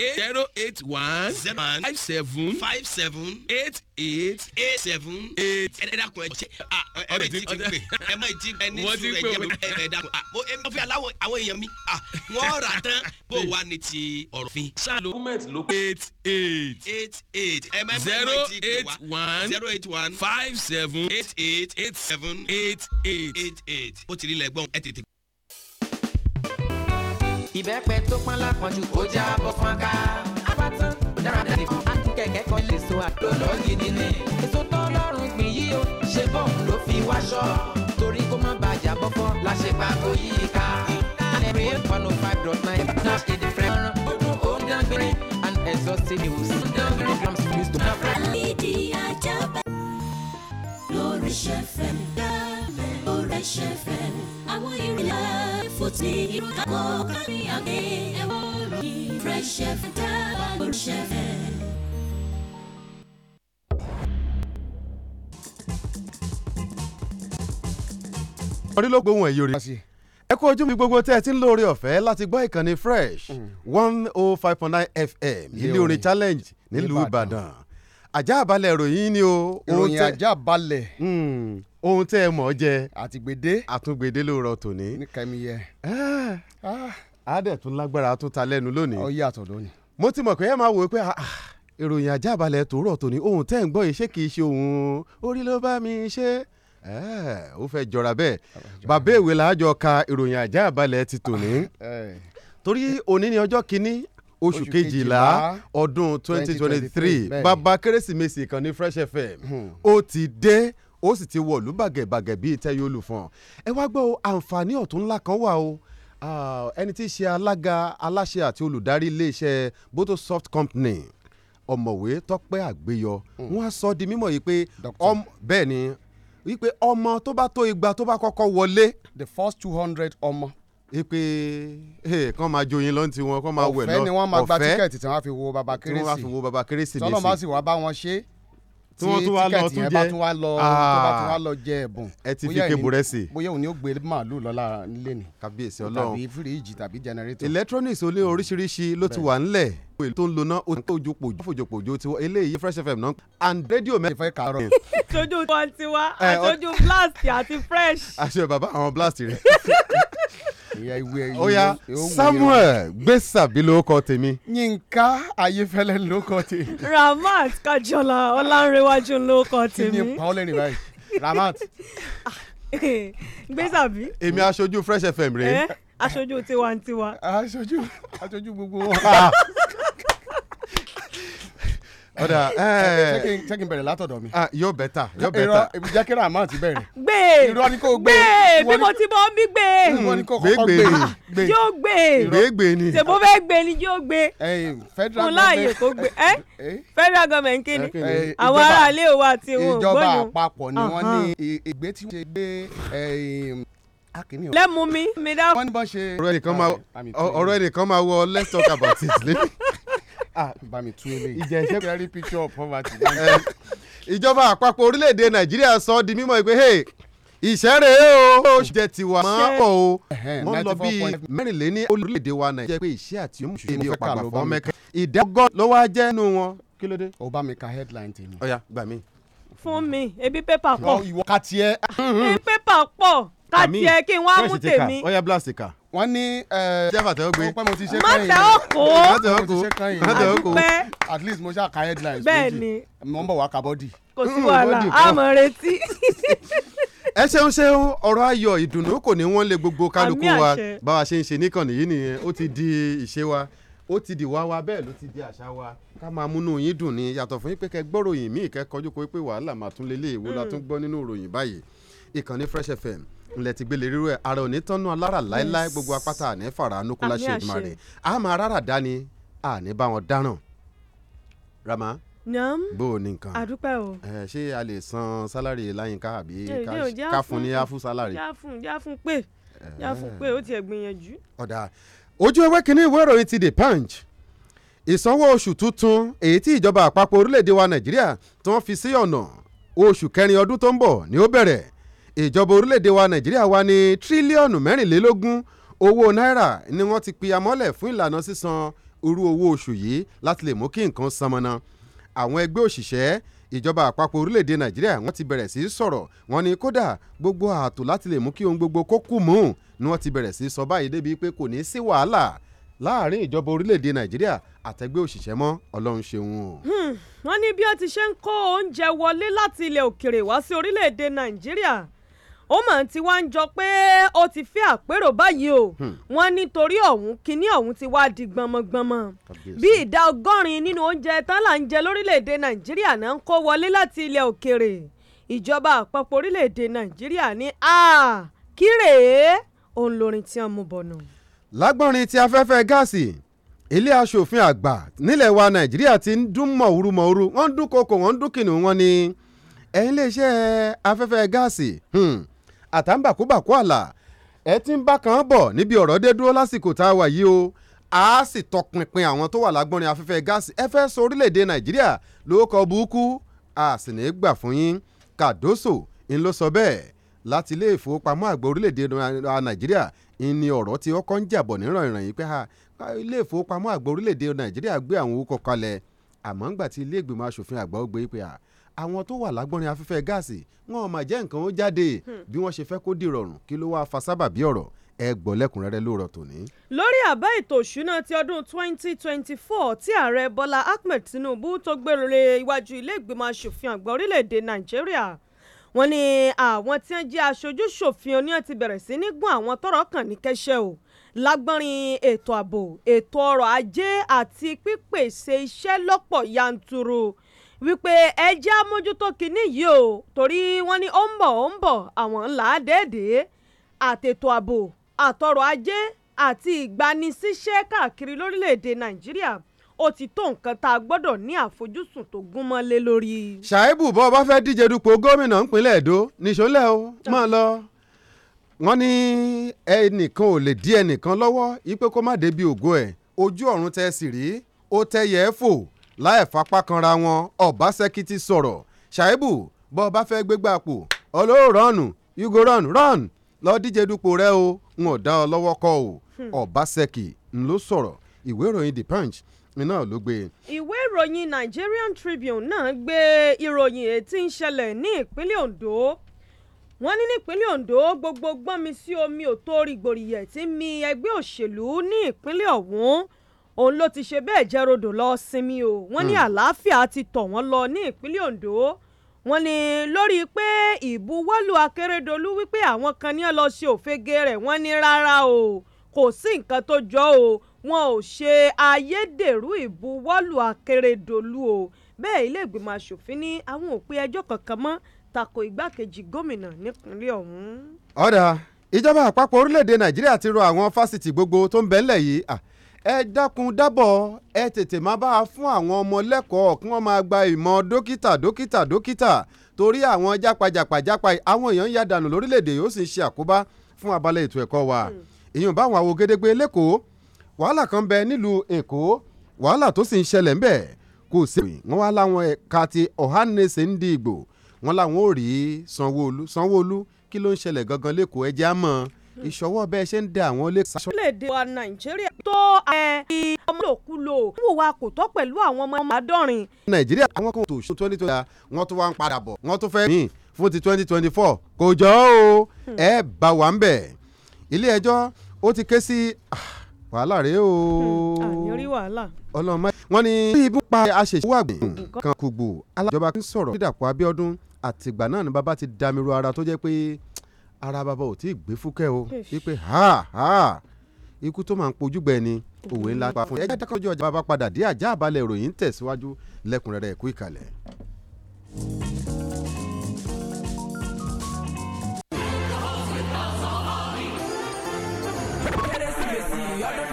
eight zero eight one zero five seven five seven eight eight eight seven eight. ẹ dákun ẹ ṣe ẹ bẹ ti pè ẹ mọ ìdí ẹ ní sùúrù ẹ jẹ ah, ẹ bẹ dákun ah, mo ẹ fi aláwọ àwọn èèyàn mi ah, wọn rà tán bó wà ní ti ọ̀rọ̀ fin. ṣáàlù gúmẹ̀tì ló pé eight eight eight eight ẹ máa bẹ mọ ìdí pè wá zero eight one five seven eight eight eight seven eight eight eight eight. ó ti rí lẹ́gbọ̀n ẹ tètè ìbẹ́pẹ tó pọ́n lápọ̀jù ó já bọ́ fọ́nká. abatan dáradára ni akínkẹ̀kẹ́ kan lè so àdọ̀lọ́ gidi ni. èso tọ́lọ́run gbìn yìí ó ṣe bọ́ọ̀n ló fi wáṣọ. torí kó má bàjẹ́ àbọ̀fọ́ la ṣe pa kó yí i ká. alẹ́ rèé one oh five dot nine dash eight fẹ́. ọdún òun dán gbére and exhaustive news. dán gbére grams used to. àlejò ajá bẹ́ẹ̀ lórí ṣẹ́fẹ̀ dáná orí ṣẹ́fẹ̀ àwọn ìrìnlẹ̀ fòtì ìrọ̀lẹ́ kọ́ kárí àgbẹ̀ ẹ̀wọ̀ ròyìn fresh fm dábà lóṣẹ̀ fẹ́. orílọ́gbọ̀n ohun ẹ̀yọ́ rẹ̀ ẹ kú ojú mi gbogbo tẹ́ ẹ ti ń lóore ọ̀fẹ́ láti gbọ́ ìkànnì fresh mm. one oh five point nine fm ilé orin challenge nílùú ìbàdàn ajá balẹ̀ ìròyìn ni o. ìròyìn ajá balẹ̀ hmm ohun tẹ́ ẹ mọ̀ jẹ àtìgbèdé àtúngbèdé ló rọ tòní. ní kẹ́miyẹ. àádẹ́tún ah. ah. lágbára tó ta lẹ́nu lónìí. ó yàtọ̀ lónìí. mo ti mọ̀ pé ẹ máa wò ó pé ah, ìròyìn àjábalẹ̀ tó rọ̀ tòní ohun tẹ́ ẹ̀ ń gbọ́ yìí ṣé kìí ṣe òun orí ló bá mi ṣe eh, ó fẹ́ jọra bẹ́ẹ̀ bàbá ìwé làájọ ka ìròyìn àjábalẹ̀ ti tòní eh. torí òní ni ọjọ́ kìíní oṣù kejìlá ọdún twenty twenty three bàbá kérésìmesì kan Fresh FM hmm. ó ti dé ó sì ti wọ ìlú bàgẹ̀bàgẹ̀ bíi tẹ́yọ̀ olùfọ̀n ẹ wá gbọ́ àǹfààní ọ̀tún ńlá kan wà o ẹni tí í ṣe alága aláṣẹ àti olùdarí iléeṣẹ́ Boto Soft Company ọ̀mọ̀wé Tọ́pẹ́ Àgbéyọ hmm. wọ́n á sọ di mímọ̀ yìí pé bẹ́ẹ̀ ni wípé ọmọ tó bá tó igba tó bá kọ́kọ́ wọlé. the first two hundred ọmọ. ipe kàn máa joyin lọ́n tiwọn kàn máa wẹ̀ lọ ọ̀fẹ́ ni wọ́n máa gba tíkẹ́ẹ̀tì tí wọ́n á fi wo baba kérésì tí wọ́n á fi wo baba kérésì lè sí. tọ́lọ́ máa sì wá bá wọn ṣe tí tíkẹ́ẹ̀tì yẹn bá tún wá lọ tó bá tún wá lọ jẹ ẹ̀bùn. ẹ ti fi kébù rẹ bóyá òun ni gbé màálùú lọ́la nílé ni. kàbíyèsí ọlọ́run tàbí fíríìjì tàbí jẹnẹrétọ̀. electronics olé oríṣiríṣi ló ti wà ńlẹ̀ tó ń loná o tó ju pòjó fòjò pòjò tiwọn eléyìí fresh fm náà and rédíò mẹ́rin fẹ́ kàárọ̀. tójú tiwantiwa àtọ́jú eh, blast àti fresh. àṣẹ bàbá àwọn blast rẹ. oya samuel gbèsàbí lórúkọ tèmi. yínká ayéfẹ́lẹ́ lórúkọ tèmi. ramat kájọlá ọlánrewájú lórúkọ tèmi. kí ni pa ọ́ lẹ́rìn báyìí ramat. gbèsàbí. èmi aṣojú fresh fm rèé. aṣojú tiwantiwa. aṣojú aṣojú gbogbo wọn. ọ̀dà ṣé kí n bẹ̀rẹ̀ látọ̀dọ̀ mi. Ah, yóò bẹ̀ ta yóò bẹ̀ ta. irọ́ jẹ́ kí ramon ti bẹ̀rẹ̀. gbé irọ́ ni kò gbé. gbé bí mo ti bọ́ mi gbé. irọ́ ni kò kọ́kọ́ gbé. gbé yóò gbé. gbé gbé ni. tèbó fẹ́ gbé ni yóò gbé. federal government. mo láàyè kó gbé. Eh? Eh? federal government kí ni. Eh, àwọn aráalé wa ti wọn gbóyún. ìjọba àpapọ̀ ni wọ́n ní ìgbé tí wọ́n ṣe gbé lẹ́mu mi. wọ́n ní bọ́ ṣe. ọ̀rọ̀ ẹnìkan máa wọ let's talk about it lẹ́yìn. Ah, bá mi tú eléyìí ìjẹsẹ kẹrí picture of poverty. Eh, ìjọba àpapọ̀ orílẹ̀-èdè nàìjíríà sọ di mímọ̀ pé hey ìṣẹ́rẹ̀ o jẹ́ tiwa mọ́ pọ̀ o wọ́n lọ bí mẹ́rìnléní orílẹ̀-èdè wa nàìjíríà pé ìṣẹ́ àti òmùsùn ní ọ̀pàpà fọ́ mẹ́kà ìdẹ́gọ́ ló wá jẹ́ nínú wọn kí ló dé. o bá mi ka headline tèmi. ó yá gbà mí. fún mi ebi pépà pọ̀. ìwọ ka tiẹ̀. ebi pépà pọ̀ ká tiẹ̀ kí n wá mú tèmi. ọyá blast ká. wọ́n ní. jẹ́fà tẹ́wọ́ gbé mo ti ṣe kẹ́yìn má tẹ́wọ́ kó má tẹ́wọ́ kó má tẹ́wọ́ kó at least mo ṣáà ka headlines méjì bẹ́ẹ̀ni mo ń bọ̀ wá ka bọ́dì. kò sí mm, wàhálà a mọ̀ retí. ẹ ṣeun ṣeun ọ̀rọ̀ ayọ̀ ìdùnnú kò ní wọ́n lé gbogbo kálukú wa bá wa ṣe ń ṣe níkànnì yìí nìyẹn ó ti di ìṣe wa ó ti di wá wa bẹ́ẹ̀ ló ti di àṣà wa ká máa múnú yín dùn ní yàtọ̀ fún yín pé kẹ gbọ́ròyìn míì kẹ kọjú kó pé wàhálà màá tún lélẹ̀ èwo la mm. tún gbọ́ nínú ìròyìn báyìí ìkànnì Fresh FM ńlẹ̀ ti gbélé rírú ẹ̀ ara òní tánú alára láéláé gbogbo apáta àní fara anúkúlá ṣèjúmọ́ rẹ̀ a máa rárá dání àní bá wọn dáràn rama nam bó o ní nǹkan àdúpẹ́ o ẹ ṣé a lè san sálárì láyínká àbí ká fún ní áfún sálárì jáfún jáfún pé jáfún pé ó tiẹ̀ gbìyànjú. ọ̀dà ojú ewé kínní ìwé ìròyìn ti the punch ìsanwó oṣù tuntun èyí tí ìjọba àpapọ̀ orílẹ̀-èdè wa nàìjíríà tí wọ́n fi sí ọ̀nà oṣù kẹrin ọdún tó ń bọ̀ ni ó bẹ̀rẹ̀ ìjọba orílẹ̀-èdè wa nàìjíríà wa ní tírílíọ̀nù mẹ́rìnlélógún owó náírà ni wọ́n ti pìyàmọ́lẹ̀ fún ìlànà sísan irú owó oṣù yìí láti lè mú kí nǹkan sanmọ́nà àwọn ẹgbẹ́ òṣìṣẹ́ ìjọba àpapọ̀ orílẹ̀-èdè nàìjíríà wọ́n ti bẹ̀rẹ̀ sí í sọ̀rọ̀ wọ́n ní kódà gbogbo ààtò láti lè mú kí ohun gbogbo kó kù mú ni wọ́n ti bẹ̀rẹ̀ sí í sọ báyìí débi pé kò ní í sí wàhálà láàrin ìjọba orílẹ̀-èdè nàìjíríà àtẹgbẹ́ òṣìṣẹ́ mọ́ ọlọ́run ṣeun o. Hmm, wọ́n ní bí ó ti ṣe ń kó oúnjẹ wọlé láti ilẹ̀ òkèrè wá sí orílẹ̀-èdè nàìjíríà ó mọ̀ tí wá ń jọ pé ó ti fẹ́ àpérò báyìí o hmm. wọ́n nítorí ọ̀hún kínní ọ̀hún ti wá di gbọmọgbọmọ bí ìdá ọgọ́rin nínú oúnjẹ tán là ń jẹ lórílẹ̀‐èdè nàìjíríà náà ń kó wọlé láti ilẹ̀ òkèrè ìjọba àpapọ̀ orílẹ̀‐èdè nàìjíríà ní a kí rèé òun lórin tí wọ́n mú bọ̀nà. lágbọ́nrin ti afẹ́fẹ́ gáàsì ilé asòfin àgbà nílẹ̀ wa nàìjíríà ti ń dún mọ̀húrúmọ̀húrú wọ́n ń dún koko wọ́n ń dún kìnìún wọn ni ẹ̀yin iléeṣẹ́ afẹ́fẹ́ gáàsì hmm, àtàǹbàkúbàkú àlà ẹ ti ń bá kan bọ̀ níbi ọ̀rọ̀ dé dúró lásìkò tá a wà yìí o a sì tọpinpin àwọn tó wà lágbọ́nrin afẹ́fẹ́ gáàsì ẹ fẹ́ sọ orílẹ̀-èdè nàìjíríà lórúkọ burúkú a sì ní í gbà fún yín kàdóso ń ló sọ bẹ́ẹ̀ láti ilé ìfowópamọ́ àgbà orílẹ̀-èdè nàìjíríà ni ọ̀rọ̀ tí ọkọ̀ ń jàbọ̀ níràn ìràn yìí pé ilé ìfowópamọ́ àgbà orílẹ̀-èdè nàìjíríà gbé àwọn owó kọkalẹ̀ àmọ́ ńgbà tí ilé ìgbìmọ̀ asòfin àgbà ó gbé pé àwọn tó wà lágbọ́nrin afẹ́fẹ́ gáàsì wọn ò mà jẹ́ nǹkan ó jáde hmm. bí wọ́n ṣe fẹ́ kó dìrọ̀rùn kí ló wáá fa sábàbí ọ̀rọ̀ ẹ gbọ́ lẹ́kùnrẹ́rẹ́ lóòrọ̀ tòní. lórí àbá ètò òṣúná ti ọdún 2024 tí ààrẹ bọ́lá ahmed tinubu tó gbèrè iwájú ilé ìgbìmọ̀ asòfin àgbà orílẹ̀-èdè nàìjíríà wọ́n ní àwọn tí wọ́n jẹ́ aṣojú ṣòfin oníyàn ti bẹ̀rẹ̀ sí ní gún àwọn tọ́rọ̀ kàn ní kẹ́sẹ́ o lágbọ́nrin ètò ààbò ètò ọrọ̀ ajé àti pípèsè iṣẹ́ lọ́pọ̀ yanturu wípé ẹjẹ́ amójútó kínní yìí o torí wọ́n ní ó ń bọ̀ ó ń bọ̀ àwọn ńlá déédéé àtètò ààbò àtọrọ̀ ajé àti ìgbanisíṣẹ́ káàkiri lórílẹ̀‐èdè nàìjíríà ó ti tó nǹkan tá a gbọ́dọ̀ ní àfojúsùn tó gún mọ́ lé lórí. ṣàìbù bọ́ ọ bá fẹ́ díje dupò gómìnà ńpínlẹ̀ èdò nìṣólẹ̀ o máa lọ wọ́n ní ẹnìkan ò lè dí ẹnìkan lọ́wọ́ yí pé kó má débi ògo ẹ̀ ojú ọ̀run tẹ́ sì rí ó tẹ́ yẹ ẹ́ fò láì fapá kanra wọn Ọbaṣẹ́kí ti sọ̀rọ̀ Ṣàìbù bọ́ ọba fẹ́ gbégbá àpò ọlọ́run rọ́ọ̀nù you go run run lọ díje dupò rẹ o n ò dá ọ lọ́wọ́ kọ́ o hmm. Ọbaṣẹ́kí ń ló sọ̀rọ̀ ìwé ìròyìn The Punch iná ló gbé. ìwé ìròyìn Nigerian Tribune náà gbé ìròyìn ètí ń ṣẹlẹ̀ ní ìpínlẹ̀ Ondo wọ́n ní nípínlẹ̀ Ondo gbogbo mi sí omi ò tó rìgbòrìyẹ̀ tí mi ẹgbẹ́ òṣèlú ní ìpínlẹ̀ ọ̀hún òun ló ti ṣe bẹ́ẹ̀ jẹ́ rodò lọ sinmi o wọ́n ní hmm. àlàáfíà ti tọ̀ wọ́n lọ ní ìpínlẹ̀ Ondo wọ́n ní lórí pé ìbuwọ́lù Akérédolú wípé àwọn kan ní lọ ṣe òfegè rẹ̀ wọ́n ní rárá o kò sí nǹkan tó jọ o wọn ò ṣe ayédèrú ìbuwọ́lù Akérédolú o bẹ́ẹ̀ ilé ìgbìmọ̀ asòfin ní àwọn ò pe ẹjọ́ kankan mọ́ tako igbákejì gómìnà nípínlẹ̀ ọ̀hún. ọ̀dà ìjọba àpapọ̀ orílẹ̀-èdè Nàìjíríà ti rọ àwọn fásitì gbogbo tó ń bẹ́ńlẹ̀ yìí ah ẹ dákun dábọ̀ ẹ tètè má bá a fún àwọn ọmọ lẹ́kọ̀ọ́ kí wọ́n máa gba ìmọ̀ dókítà dókítà dókítà torí àwọn jápajàpà jápa àwọn èèyàn ń ya dànù lórílẹ̀‐èdè yóò sì ń ṣe àkóbá fún abalẹ̀ ètò ẹ̀kọ́ wa èèyàn hmm. bá àwọn awogedegbe lẹ́kọ̀ọ́ wàhálà kan bẹ nílùú Èkó wàhálà tó sì ń ṣẹlẹ̀ ńbẹ̀ kò sí wọn wá láwọn ẹ̀ka ti Ọ̀hánẹsẹ̀ ń di ìgbò wọn làwọn ò rí Sanwó-Olú kí ló ń ṣẹlẹ̀ gangan lẹ́kọ̀ọ́ ẹjẹ́ á mọ̀ ìṣọwọ́ bẹ́ẹ̀ ṣe ń da àwọn olè. orílẹ̀-èdè wa nàìjíríà tó ẹ ti ọmọlòkulò wò wa kò tọ́ pẹ̀lú àwọn ọmọ àádọ́rin. nàìjíríà àwọn kan tó ṣe twenty twenty wọn tún wá ń padà bọ̀ wọn tún fẹ́ mí fún ti twenty twenty four kò jọ o ẹ bá wa ń bẹ̀ ilé ẹjọ́ ó ti ké sí ah, wàhálà rèé o. Hmm, àyẹ̀rí wàhálà. ọlọ́mọ wọn ni bí ibú pa aṣèṣẹ́wọ́ àgbẹ̀ kan kùgbù alájọba ń sọ̀rọ̀ dídàpọ̀ Abíọ́dún àtìgbà náà ni bàbá ti damiru ara tó jẹ́ pé ara bàbá ò tí ì gbé fúkẹ́ o wípé ha ha ikú tó máa ń pojú gbẹ ni òwe ńlá pa fún ẹ jẹ́ kọ́jú ọjà bàbá padà dé àjà àbálẹ̀ ìròyìn tẹ̀síwájú lẹ́kùnrẹ́rẹ́ ẹ̀kú ìkàlẹ̀.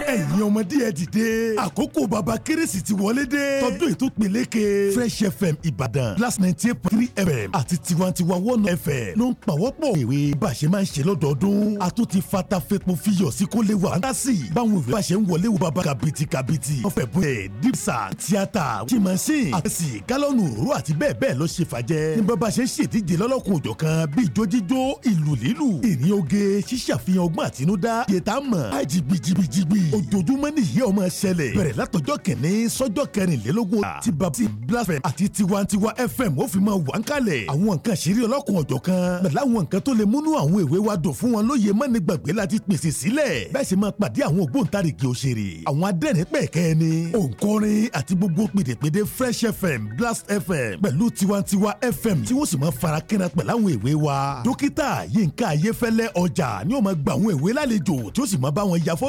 ẹ̀yin ọmọdé ẹ dìde àkókò baba kérésì ti wọlé dé tọdún ètò peléke fresh fm ìbàdàn last ninety eight point three fm àti tiwantiwa one fm ló ń pàwọ́pọ̀ ìwé bá a ṣe máa ń ṣe lọ́dọọdún a tún ti fata fepo fiyọ̀ sí kó lè wà ńlásì báwọn ìwé bá a ṣe ń wọlé wo baba kàbìtì kàbìtì ọ̀fẹ́ bẹ́ẹ̀ dípsà tíátà jìmọ̀sìn àtẹ̀sí gálọ́nù òróró àti bẹ́ẹ̀ bẹ́ẹ̀ ló ṣe fàjẹ́ ní bàbá ṣe ń ṣèdíje lọ́lọ́kun òjọ̀kan bíi jójíjó ìlú lílù ìrìn oge ṣíṣàfihàn ọgbọ́n àtinúdá yẹtà mọ̀ ojoojúmọ́ nìyí ọmọ ṣẹlẹ̀ bẹ̀rẹ̀ látọjọ́ kìíní sọ́jọ́ kẹrìnlélógún ah. ti babsi blasphemy àti tiwantiwa fm ó fi máa wà ń kalẹ̀ àwọn nǹkan ṣeré ọlọ́kun ọ̀jọ̀ kan pẹ̀lú àwọn nǹkan tó lè múnú àwọn èwe wa dùn fún wọn lóye mọ́ni gbàgbé láti pèsè sílẹ̀ bẹ́ẹ̀ sì máa pàdé àwọn ògbóǹtarìgì òṣèré àwọn adẹ́rìn pẹ̀kẹ́ ni òǹkọrin àti gbogbo pèdèpèdè fresh fm blast fm pẹ̀lú tiwantiwa fm tí wọ́n fara kẹ́ra pẹ̀lú àwọn èwe wa dókítà yínká ayéfẹ́lẹ́ ọjà ni ó máa gba àwọn èwe lálejò tí ó sì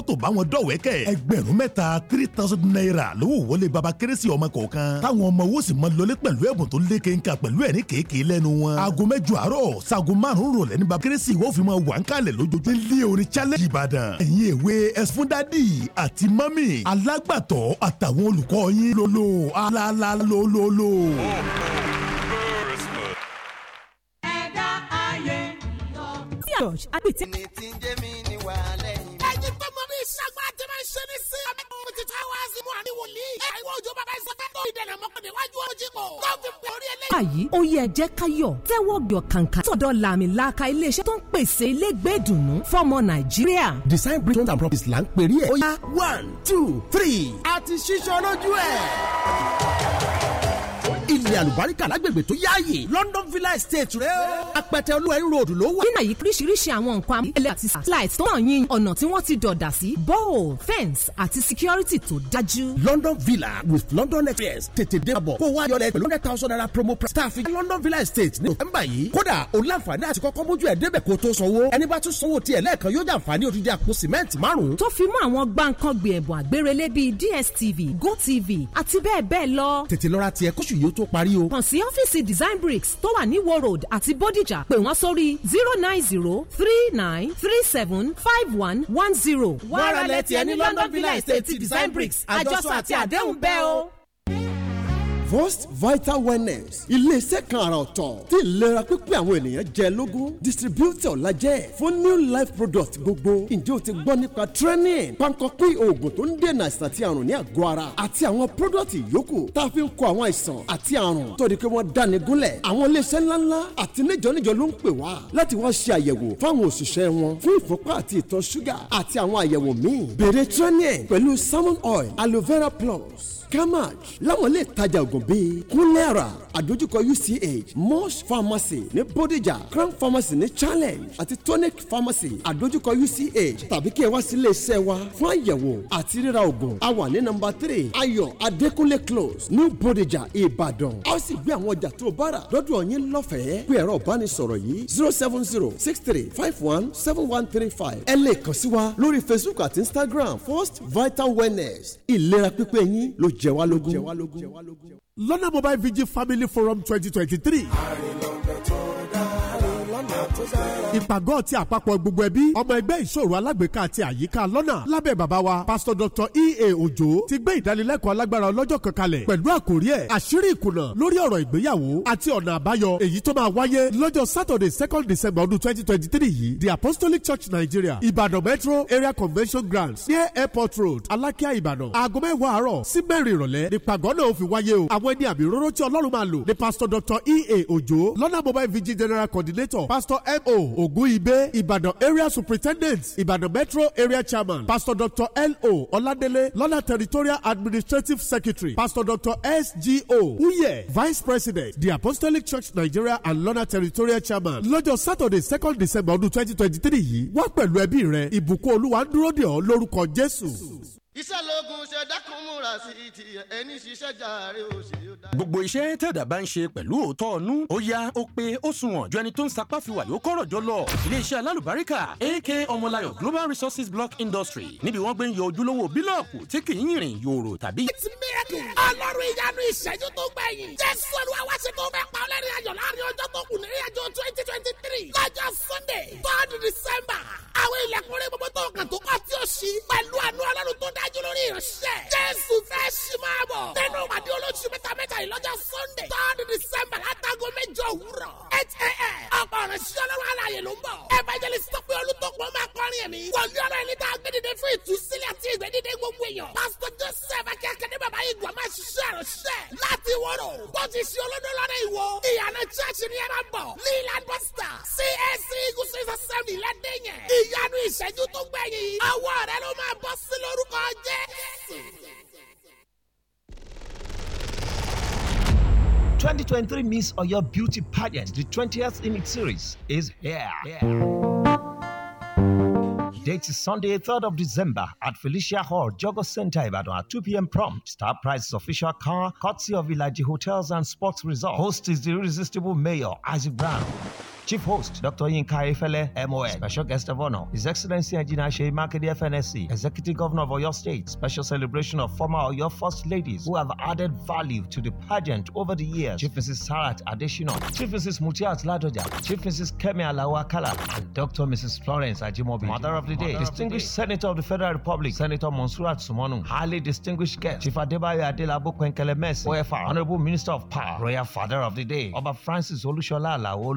kẹ̀kẹ́ ẹgbẹ̀rún mẹ́ta three thousand naira lówó wọlé baba kérésì ọmọ kọ̀ọ̀kan táwọn ọmọ owó sì mọ lọlé pẹ̀lú ẹ̀bùn tó léke nǹkan pẹ̀lú ẹ̀ ní kéèké lẹ́nu wọn. aago mẹ́jọ àárọ̀ sago márùn-ún rọ̀lẹ́ ní baba kérésì wọ́n fi máa wà ń kalẹ̀ lójoojúmọ́. ilé orin challenge ìbàdàn ẹ̀yin èwe ẹ̀sùn dádì àti mọ́mì alágbàtọ́ àtàwọn olùkọ́ yín lolo alala lololo. Oh, church. ẹ̀yin tó mọ ní ìṣàgbọ́ ṣe ní sí. Adágún ti táwa sí mu àní wòlíì. Ẹ ìwọ òjò bàbá ìsọfẹ́ tó ìdènà mọ́kànlẹ̀ wájú ojú kò. Tó fi pè orí eléyìí. Báyìí, ó yẹ káyọ̀ tẹ́wọ́ gbọ̀ kàǹkà sọ̀dọ̀ làmìlaka iléeṣẹ́ tó ń pèsè ilégbè ìdùnnú fọ́mọ Nàìjíríà. Design Britain and Properties là ń pèrè ẹ̀. Ó one two three. A ti ṣíṣọ́ lójú ilẹ̀ àlùbáríkà lágbègbè tó yáàyè London Villa Estate rẹ o. apẹtẹ olúwẹ̀rí road ló wà. nínà yìí oríṣiríṣi àwọn nǹkan amúlẹ̀ àti satellite tó hàn yín ọ̀nà tí wọ́n ti dọ̀dà sí borehole fence àti security tó dájú. London Villa with London Express tètè dé àbọ̀ kó wá yọlẹ̀ pẹ̀lú hundred thousand naira promo price tá London Villa Estate ní November yìí kódà o láǹfààní àti kọ́kọ́ mójú ẹ̀ débẹ̀ kó tó sanwó ẹni bá tún sanwó tiẹ̀ lẹ́ẹ̀kan yóò jàǹfààní odidi àpò sìmẹ́ǹtì márùn-ún. tó fi mọ́ àwọn gbàǹkangbè ẹ̀bùn àgbérelé bíi DSTV GoTV àti bẹ́ẹ̀ bẹ́ẹ̀ lọ. tètè lọ́ra tiẹ̀ kóṣù yìí tó parí o. kàn sí ọ́fíìsì design bricks tó wà ní wo road àti bódìjà pè wọ́n sórí zero nine zero three nine three seven five one one zero. wàrà lẹ́tì ẹni London Villa Estate design bricks àjọsọ àti àdéhùn bẹ́ẹ̀ o post vital wellness iléeṣẹ́ kan àrà ọ̀tọ̀ tí ìlera pípé àwọn ènìyàn jẹ lógún distributor la jẹ́ fún new life product gbogbo ǹjẹ́ o ti gbọ́ nípa training pankọ́pì oògùn tó ń dènà àìsàn àti àrùn ní àgọ́ ara àti àwọn product yòókù tá a fi ń kọ àwọn àìsàn àti àrùn tó di pé wọ́n dáni gúnlẹ̀ àwọn iléeṣẹ́ ńláńlá àti níjọ́níjọ́ ló ń pè wá láti wá ṣe àyẹ̀wò fáwọn òṣìṣẹ́ wọn fún ìfúnpá àti ìtọ̀ ṣúgà àti àwọn àyẹ̀wò míì bèrè training pẹ̀lú salmon oil aloe vera plus Kamash láwọn ilé taja ògùn bíi Kúnlẹ́ra àdójúkọ UCH Mosh Pharmacy ní Bódìjà Crown Pharmacy ní Challenge àti Tonic Pharmacy àdójúkọ UCH tàbí kí ẹ wá sí ilé iṣẹ́ wa fún àyẹ̀wò àti ríra ògùn a wà ní nọ́mbà three Ayọ̀ Adékúnlé close ní Bódìjà Ìbàdàn a ó sì gbé àwọn ọjà tó o bá rà lọ́fẹ̀ẹ́ pé ẹ̀rọ ìbánisọ̀rọ̀ yìí zero seven zero six three five one seven one three five ẹ lè kàn sí wa lórí Facebook àti Instagram First Vital Wellness ìlera pípé yín ló jẹ wá lógún. lọ́nà mobile vigil family forum twenty twenty three ìpàgọ́ ti àpapọ̀ gbogbo ẹbí ọmọ ẹgbẹ́ ìṣòro alágbèéká àti àyíká lọ́nà lábẹ́ bàbá wa pásítọ̀ dr ea ojo ti gbé ìdánilẹ́kọ̀ọ́ alágbára ọlọ́jọ́ kan kalẹ̀ pẹ̀lú àkórí ẹ̀ àṣírí ìkùnà lórí ọ̀rọ̀ ìgbéyàwó àti ọ̀nà àbáyọ èyí tó máa wáyé lọ́jọ́ saturday second december ọdún twenty twenty three yìí the apostolic church nigeria Ibadan metro area convention grounds near airport road alákíá ìbàdàn aago mẹ́wàá àárọ̀ sí mẹ́rin ìrọ̀lẹ́ nípàgọ́ náà fi wáyé o àwọn ẹni àmì òróró tí ọlọ́run máa lò ni pásítọ̀ dr ea ojo lọ́nà mobile vigil general coordinator pásít pastor mo oguibe ibadan area superintendent ibadan metro area chairman pastor dr lo Oladele Lona territorial administrative secretary pastor dr sgo uye vice president the apostolic church nigeria and Lona territorial chairman lọ́jọ́ saturday second december ọdún twenty twenty three yìí wá pẹ̀lú ẹbí rẹ ìbùkún olúwa ń dúró dè ọ́ lórúkọ jésù iṣẹ́ lógun ṣe dákun múra sí ti ẹni ṣiṣẹ́ jàre ó ṣe ó dájú. gbogbo iṣẹ́ tẹ̀dá bá ń ṣe pẹ̀lú òótọ́ ọnú ó yá ó pé ó sunwọ̀n ju ẹni tó ń sapá fi wàyó kọ́rọ̀ jọ lọ. iléeṣẹ́ alálùbáríkà AK ọmọláyọ̀ Global Resources Block Industry níbi wọ́n gbé ń yọ ojúlówó bílọ̀kù tí kì í yìnrìn yòòrò tàbí. it's miracle ọlọ́run ìyanu ìṣẹ́jú tó gbẹ̀yìn jésù olúwa wá sí tó fẹ́ pa ọlẹ́rìn ayọ̀ láàrin ọjọ́ tó kù nínú ìrìnàjò twenty twenty three lọ́jọ́ sunday december àwọn ilẹ̀kùnrin gbogbo tó kàn tó kọ́ tí ó ṣí pẹ̀lú àánú ọlọ́run tó tẹ̀síwájú lórí ìrìnsẹ̀. Jésù fẹ́ ṣì máa bọ̀. Nínú ìpàdé olóṣù mẹ́ta mẹ́ta ìlọ́jọ́ Sunday. Third December látago méjì òwúrọ̀. Eight a.m. Ọ̀pọ̀ ọ̀rọ̀ sí ọlọ́run alààyè ló ń bọ̀. Evangelist Tọ́pẹ́ Olútọ́pọ̀ máa kọrin ẹ̀mí. Wọ̀lú ọ̀rọ̀ ẹni tá a gbẹ́dìde fún ìtúsílẹ̀ àti ìgbẹ́dìde gbogbo èèyàn. Pásítọ̀ Joseph Akíakadé bàbá Ìgbà máa ṣiṣẹ́ àròṣẹ́ láti wọ́rọ̀. Bó ti ṣe olódó lọ́dọ̀ ìwọ. Ìyànà church ni ẹ máa bọ̀. Leland Buster CAC e Eagles Assembly lẹ́dẹ̀yẹn. Ìyanu ìṣẹ́jú tó gbẹ̀yìn. Ọwọ́ rẹ ló m 2023 Miss Oyo Beauty Pageant, the 20th in its series, is here. Date is Sunday, 3rd of December at Felicia Hall, Jogo Center, Ibadan at 2 p.m. prompt. Star Prize official car, courtesy of Ilaji Hotels and Sports Resort. Host is the irresistible mayor, Isaac Brown. Chief Host, Dr. Yinka Efele, MON. Special Guest of Honor, His Excellency Engineer Shei Makede FNSC, Executive Governor of Oyo State. Special celebration of former Oyo First Ladies who have added value to the pageant over the years. Chief Mrs. Sarat Adeshino, Chief Mrs. Mutiat Ladoja, Chief Mrs. Kemi Alawakala, and Dr. Mrs. Florence Ajimobi. Mother of the Day, Mother Distinguished the day. Senator of the Federal Republic, Senator Monsurat Sumonu. Highly Distinguished Guest, Chief Adebayo Adelabo Kwenkele Messi, OFR, Honorable Minister of Power, Royal Father of the Day, Oba Francis Olushola Alawo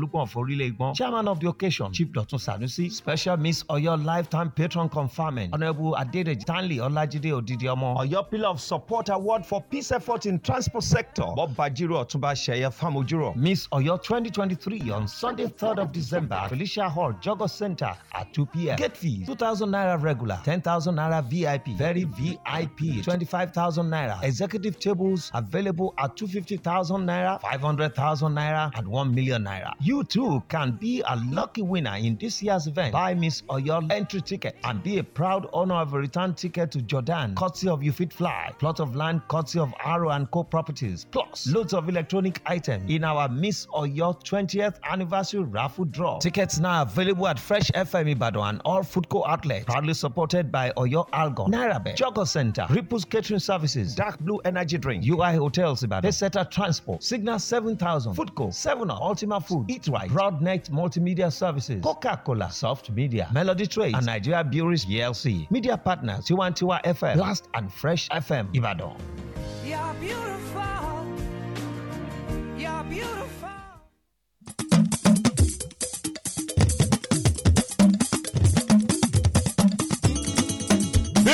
chairman of the occasion, Chief Dotun Sanusi, special Miss Oyo lifetime patron conferment, Honorable Adede Stanley Olajide Odidiomo, Oyo Pillar of Support Award for Peace Effort in Transport Sector, Bob Bajiro Otunba Sheye Famojuro, Miss Oyo 2023 on Sunday 3rd of December, Felicia Hall, Jogo Center at 2 p.m. Gate fees 2,000 naira regular, 10,000 naira VIP, very VIP, 25,000 naira. Executive tables available at 250,000 naira, 500,000 naira, and 1 million naira. You too can be a lucky winner in this year's event. Buy Miss Oyo entry ticket and be a proud owner of a return ticket to Jordan, courtesy of You Fit Fly, plot of land courtesy of Arrow and Co Properties, plus loads of electronic items in our Miss Oyo 20th anniversary raffle draw. Tickets now available at Fresh FM Ibado and all food co outlets, proudly supported by Oyo Algon, Nairabe, Jogo Center, Ripples Catering Services, Dark Blue Energy Drink, UI Hotels Ibado, Peseta Transport, Signal 7000, Foodco, 7 Ultima Food, Eat Right, Broad Connect Multimedia Services, Coca-Cola Soft Media, Melody Trade, and Nigeria Breweries PLC. Media partners Tiwantiwa FM, Blast and Fresh FM, Ibadan. You're beautiful. You're beautiful.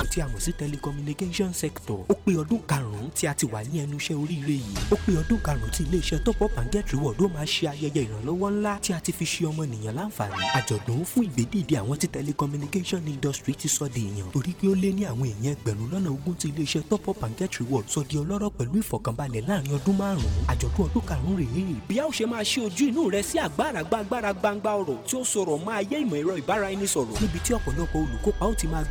one tí a mọ̀ sí telecommunication sector ó pé ọdún karùn-ún tí a ti wà ní ẹnu iṣẹ́ oríire yìí ó pé ọdún karùn-ún tí iléeṣẹ́ top up and get reward ó máa ṣe ayẹyẹ ìrànlọ́wọ́ ńlá tí a ti fi ṣe ọmọnìyàn láǹfààní àjọ̀dún fún ìgbédìde àwọn tí telecommunication industry ti sọ di èèyàn torí pé ó lé ní àwọn èèyàn ẹgbẹ̀rún lọ́nà ogún tí iléeṣẹ́ top up and get reward sọ di ọlọ́rọ̀ pẹ̀lú ìfọ̀kànbalẹ̀ láàrin ọdún márùn-ún àjọ̀dún ọdún karùn-ún rèé bí a ó ṣe máa ṣe ojú inú rẹ sí àgbára gbàgbára gbangba ọ̀rọ̀ tí ó sọ̀rọ̀ máa yẹ ìmọ̀ ẹ̀rọ ìbáraẹnisọ̀rọ̀ níbi tí ọ̀pọ̀lọpọ̀ olùkópa ó ti máa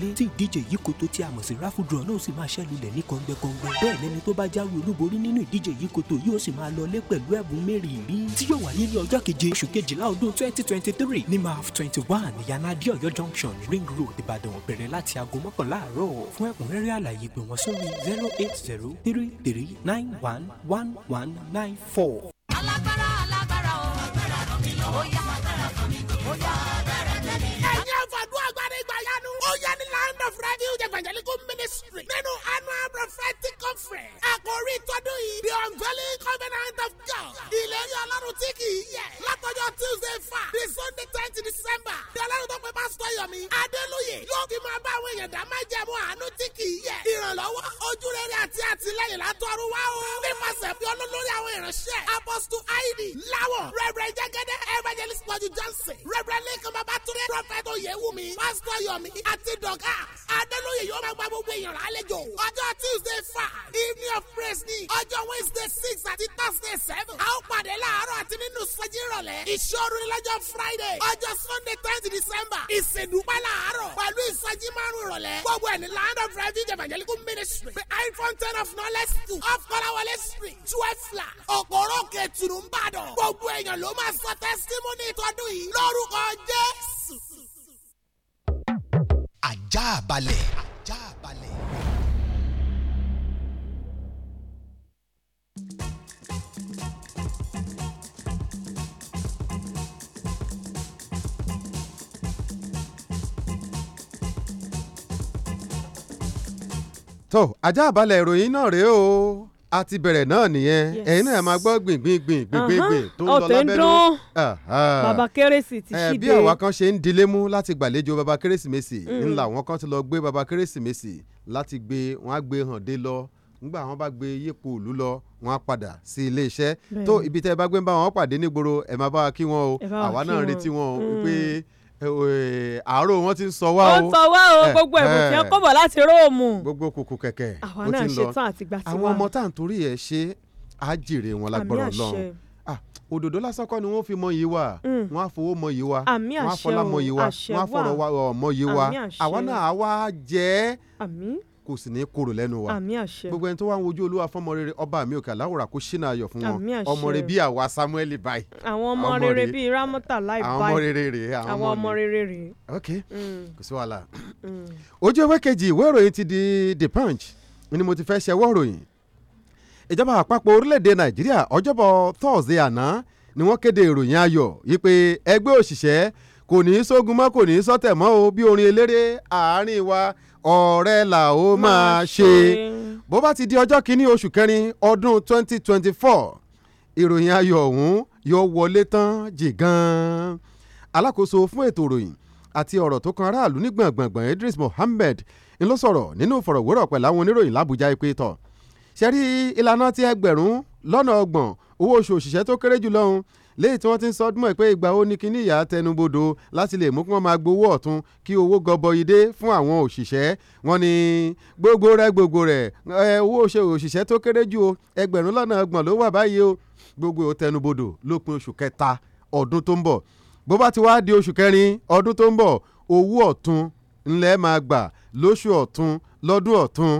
wọlé tí ìdíje yìí kò tó tí a mọ̀ sí raffle draw náà sì máa ṣẹ́ lulẹ̀ ní kọ́ngbẹ́kọ́ngbẹ́ bẹ́ẹ̀ lẹ́ni tó bá jáwé olúborí nínú ìdíje yìí kò tó yóò sì máa lọlé pẹ̀lú ẹ̀bùn mẹ́rìírí tí yóò wáyé ní ọjọ́ keje oṣù kejìlá ọdún twenty twenty three ní maf twenty one yanadi ọ̀yọ́ junction ring road ìbàdàn bẹ̀rẹ̀ láti aago mọ́kànlá àárọ̀ fún ẹ̀kúnrẹ́rẹ́ àlàyé pè sórí zero eight zero three three nine one one one nine four. alágbára alágbára o agbára ràn mí lọ́wọ́ yá. Oyani Land of Radio Evangelical Ministry nínú annual prophetic conference. Àkòrí ìtọ́dún yìí the unveiling covenant of God. Ìlérí Ọlọ́run tí kì í yẹ. Látọjọ́ Tuesday fà the Sunday twenty December. Ní Ọlọ́run tó pe Pásítọ̀ Yomi Adélóye yóò fi máa bá àwọn èèyàn dá májẹ̀mú àánú tí kì í yẹ. Ìrànlọ́wọ́ ojúrere àti àtìlẹ́yìn látọ̀run wá o. Nípasẹ̀ fi olólórí àwọn ìránṣẹ́. Apostle Aidi Láwọ̀ Rẹ̀bẹ̀rẹ̀ Jẹ́gẹ́dẹ́ Evangelist Pọ̀jù Johnson Rẹ̀bẹ̀rẹ̀ Lẹ́kàn Babatunde Prọfẹ̀tì Oyèwùmí Pásítọ̀ Yomi àti dọ̀gás. Ah, Adélóye yóò máa gba gbogbo èèyàn lálejò. Ọjọ́ Tuesday five, evening of praise ni. Ọjọ́ Wednesday six àti Thursday seven. A ó pàdé láàárọ̀ àti nínú sọ́jí ìrọ̀lẹ́. Ìṣòro lọ́jọ́ Friday. Ọjọ́ Sunday tenth December. Ìsèdúpẹ́ láàárọ̀. Pẹ̀lú ìsọjí márùn-ún ìrọ̀lẹ́. Gbogbo ẹ̀ ní Land of Refuge Evangelical Ministry. The High Fountain of Knowledge School. Off Kọ́láwọlé Street. Twelve flat. Ọ̀pọ̀rọ̀ kẹ̀tùnú ń bàdàn. Gbogbo èèyàn ló máa sọ testimony ìtọ́dún yìí. Lórúkọ Jésù ajá balẹ̀. ajá balẹ̀. tó ajá balẹ̀ ìròyìn náà rèé o a ti bẹ̀rẹ̀ náà nìyẹn ẹ̀yin náà máa gbọ́ gbìngbìn gbìngbìn tó ń lọ lábẹ́rú bàbá kérésì ti ṣíde bí àwa kan ṣe ń dilé mú láti gbàlejò bàbá kérésìmesì mm. ńlá wọn kan ti lọ gbé bàbá kérésìmesì láti gbé wọn á gbé hàn dé lọ nígbà wọn bá gbé yípo òlu lọ wọn á padà sí ilé iṣẹ́ tó ibi tẹ́ ẹ bá gbé ń bá wọn pàdé nígboro ẹ máa bá wa kí wọn o àwa náà retí wọn o mm. pé àárò wọn ti ń sọ wá o. ó sọ wá o gbogbo ẹ̀bùn tí wọ́n kọ̀ bọ̀ láti róòmù. gbogbo kùkù kẹ̀kẹ́ ó ti ń lọ àwọn náà ṣe tán àti gbà tí wọ́n. àwọn ọmọ tá à ń torí ẹ̀ ṣe á jèrè wọn lágbọ́rọ̀ lọ́hùn òdòdó lásán kọ́ ni wọ́n fi mọ yìí wa mm. wọ́n á fowó mọ yìí wa wọ́n á fọlá mọ yìí wa wọ́n á fọ̀rọ̀ mọ yìí wa àwa náà á wá jẹ́ kò sì ní kúrò lẹ́nu wa gbogbo ẹni tó wá ń wojú olúwa fọmọ rere ọba mi òkè aláwòrán kó ṣínà ayọ̀ fún wọn àmín ọmọ rere bíi àwa samuel bai. àwọn ọmọ rere bíi ramota lai bai àwọn ọmọ rere rèé àwọn ọmọ rere rèé. ok mm. kò sí wàhálà mm. ojú ewé kejì ìwé ìròyìn ti di the punch ni mo ti fẹ́ ṣẹwọ́ ìròyìn ìjọba àpapọ̀ orílẹ̀-èdè nàìjíríà ọjọ́bọ̀ thursday àná ni wọ́n kéde ìròyìn ayọ̀ yìí pé ẹgbẹ́ òṣìṣẹ́ kò ní í sógun mọ́ kò ní í sọ́tẹ̀ mọ́ o bí orin eléré àárín wa ọ̀rẹ́ la ó máa ṣe bó bá ti di ọjọ́ kìíní oṣù kẹrin ọdún twenty twenty four ìròyìn ayọ̀ ọ̀hún yóò wọlé tán jì gan-an alákòóso fún ètò ìròyìn àti ọ̀rọ̀ tó kan aráàlú ní gbọ̀ngbọ̀ngbọ̀n Idris Mohammed ń lọ sọ̀rọ̀ nínú ìfọ̀rọ̀wérọ̀ pẹ̀lú àwọn oníròyìn làbújá ìpè tọ̀ ṣẹ́rí ìlànà ti ẹgbẹ̀rún lọ́nà ọgbọ̀n owó oṣù òṣìṣẹ́ tó kéré jù léyìí tí wọ́n ti ń sọdún mọ́ pé ìgbà ó ní kíní ìyá tẹnubodò láti lè mú kí wọ́n máa gbowó ọ̀tún kí owó gọbọyì dé fún àwọn òṣìṣẹ́ wọn ni gbogbo rẹ gbogbo rẹ owó òṣìṣẹ́ tó kéré jù o ẹgbẹ̀rún lọ́nà ọgbọ̀n ló wà báyìí o gbogbo tẹnubodò lópin oṣù kẹta ọdún tó ń bọ̀ bó bá ti wá di oṣù kẹrin ọdún tó ń bọ̀ owó ọ̀tún ńlẹ̀ máa gbà lóṣù ọ̀tún lọ́dún ọ̀tún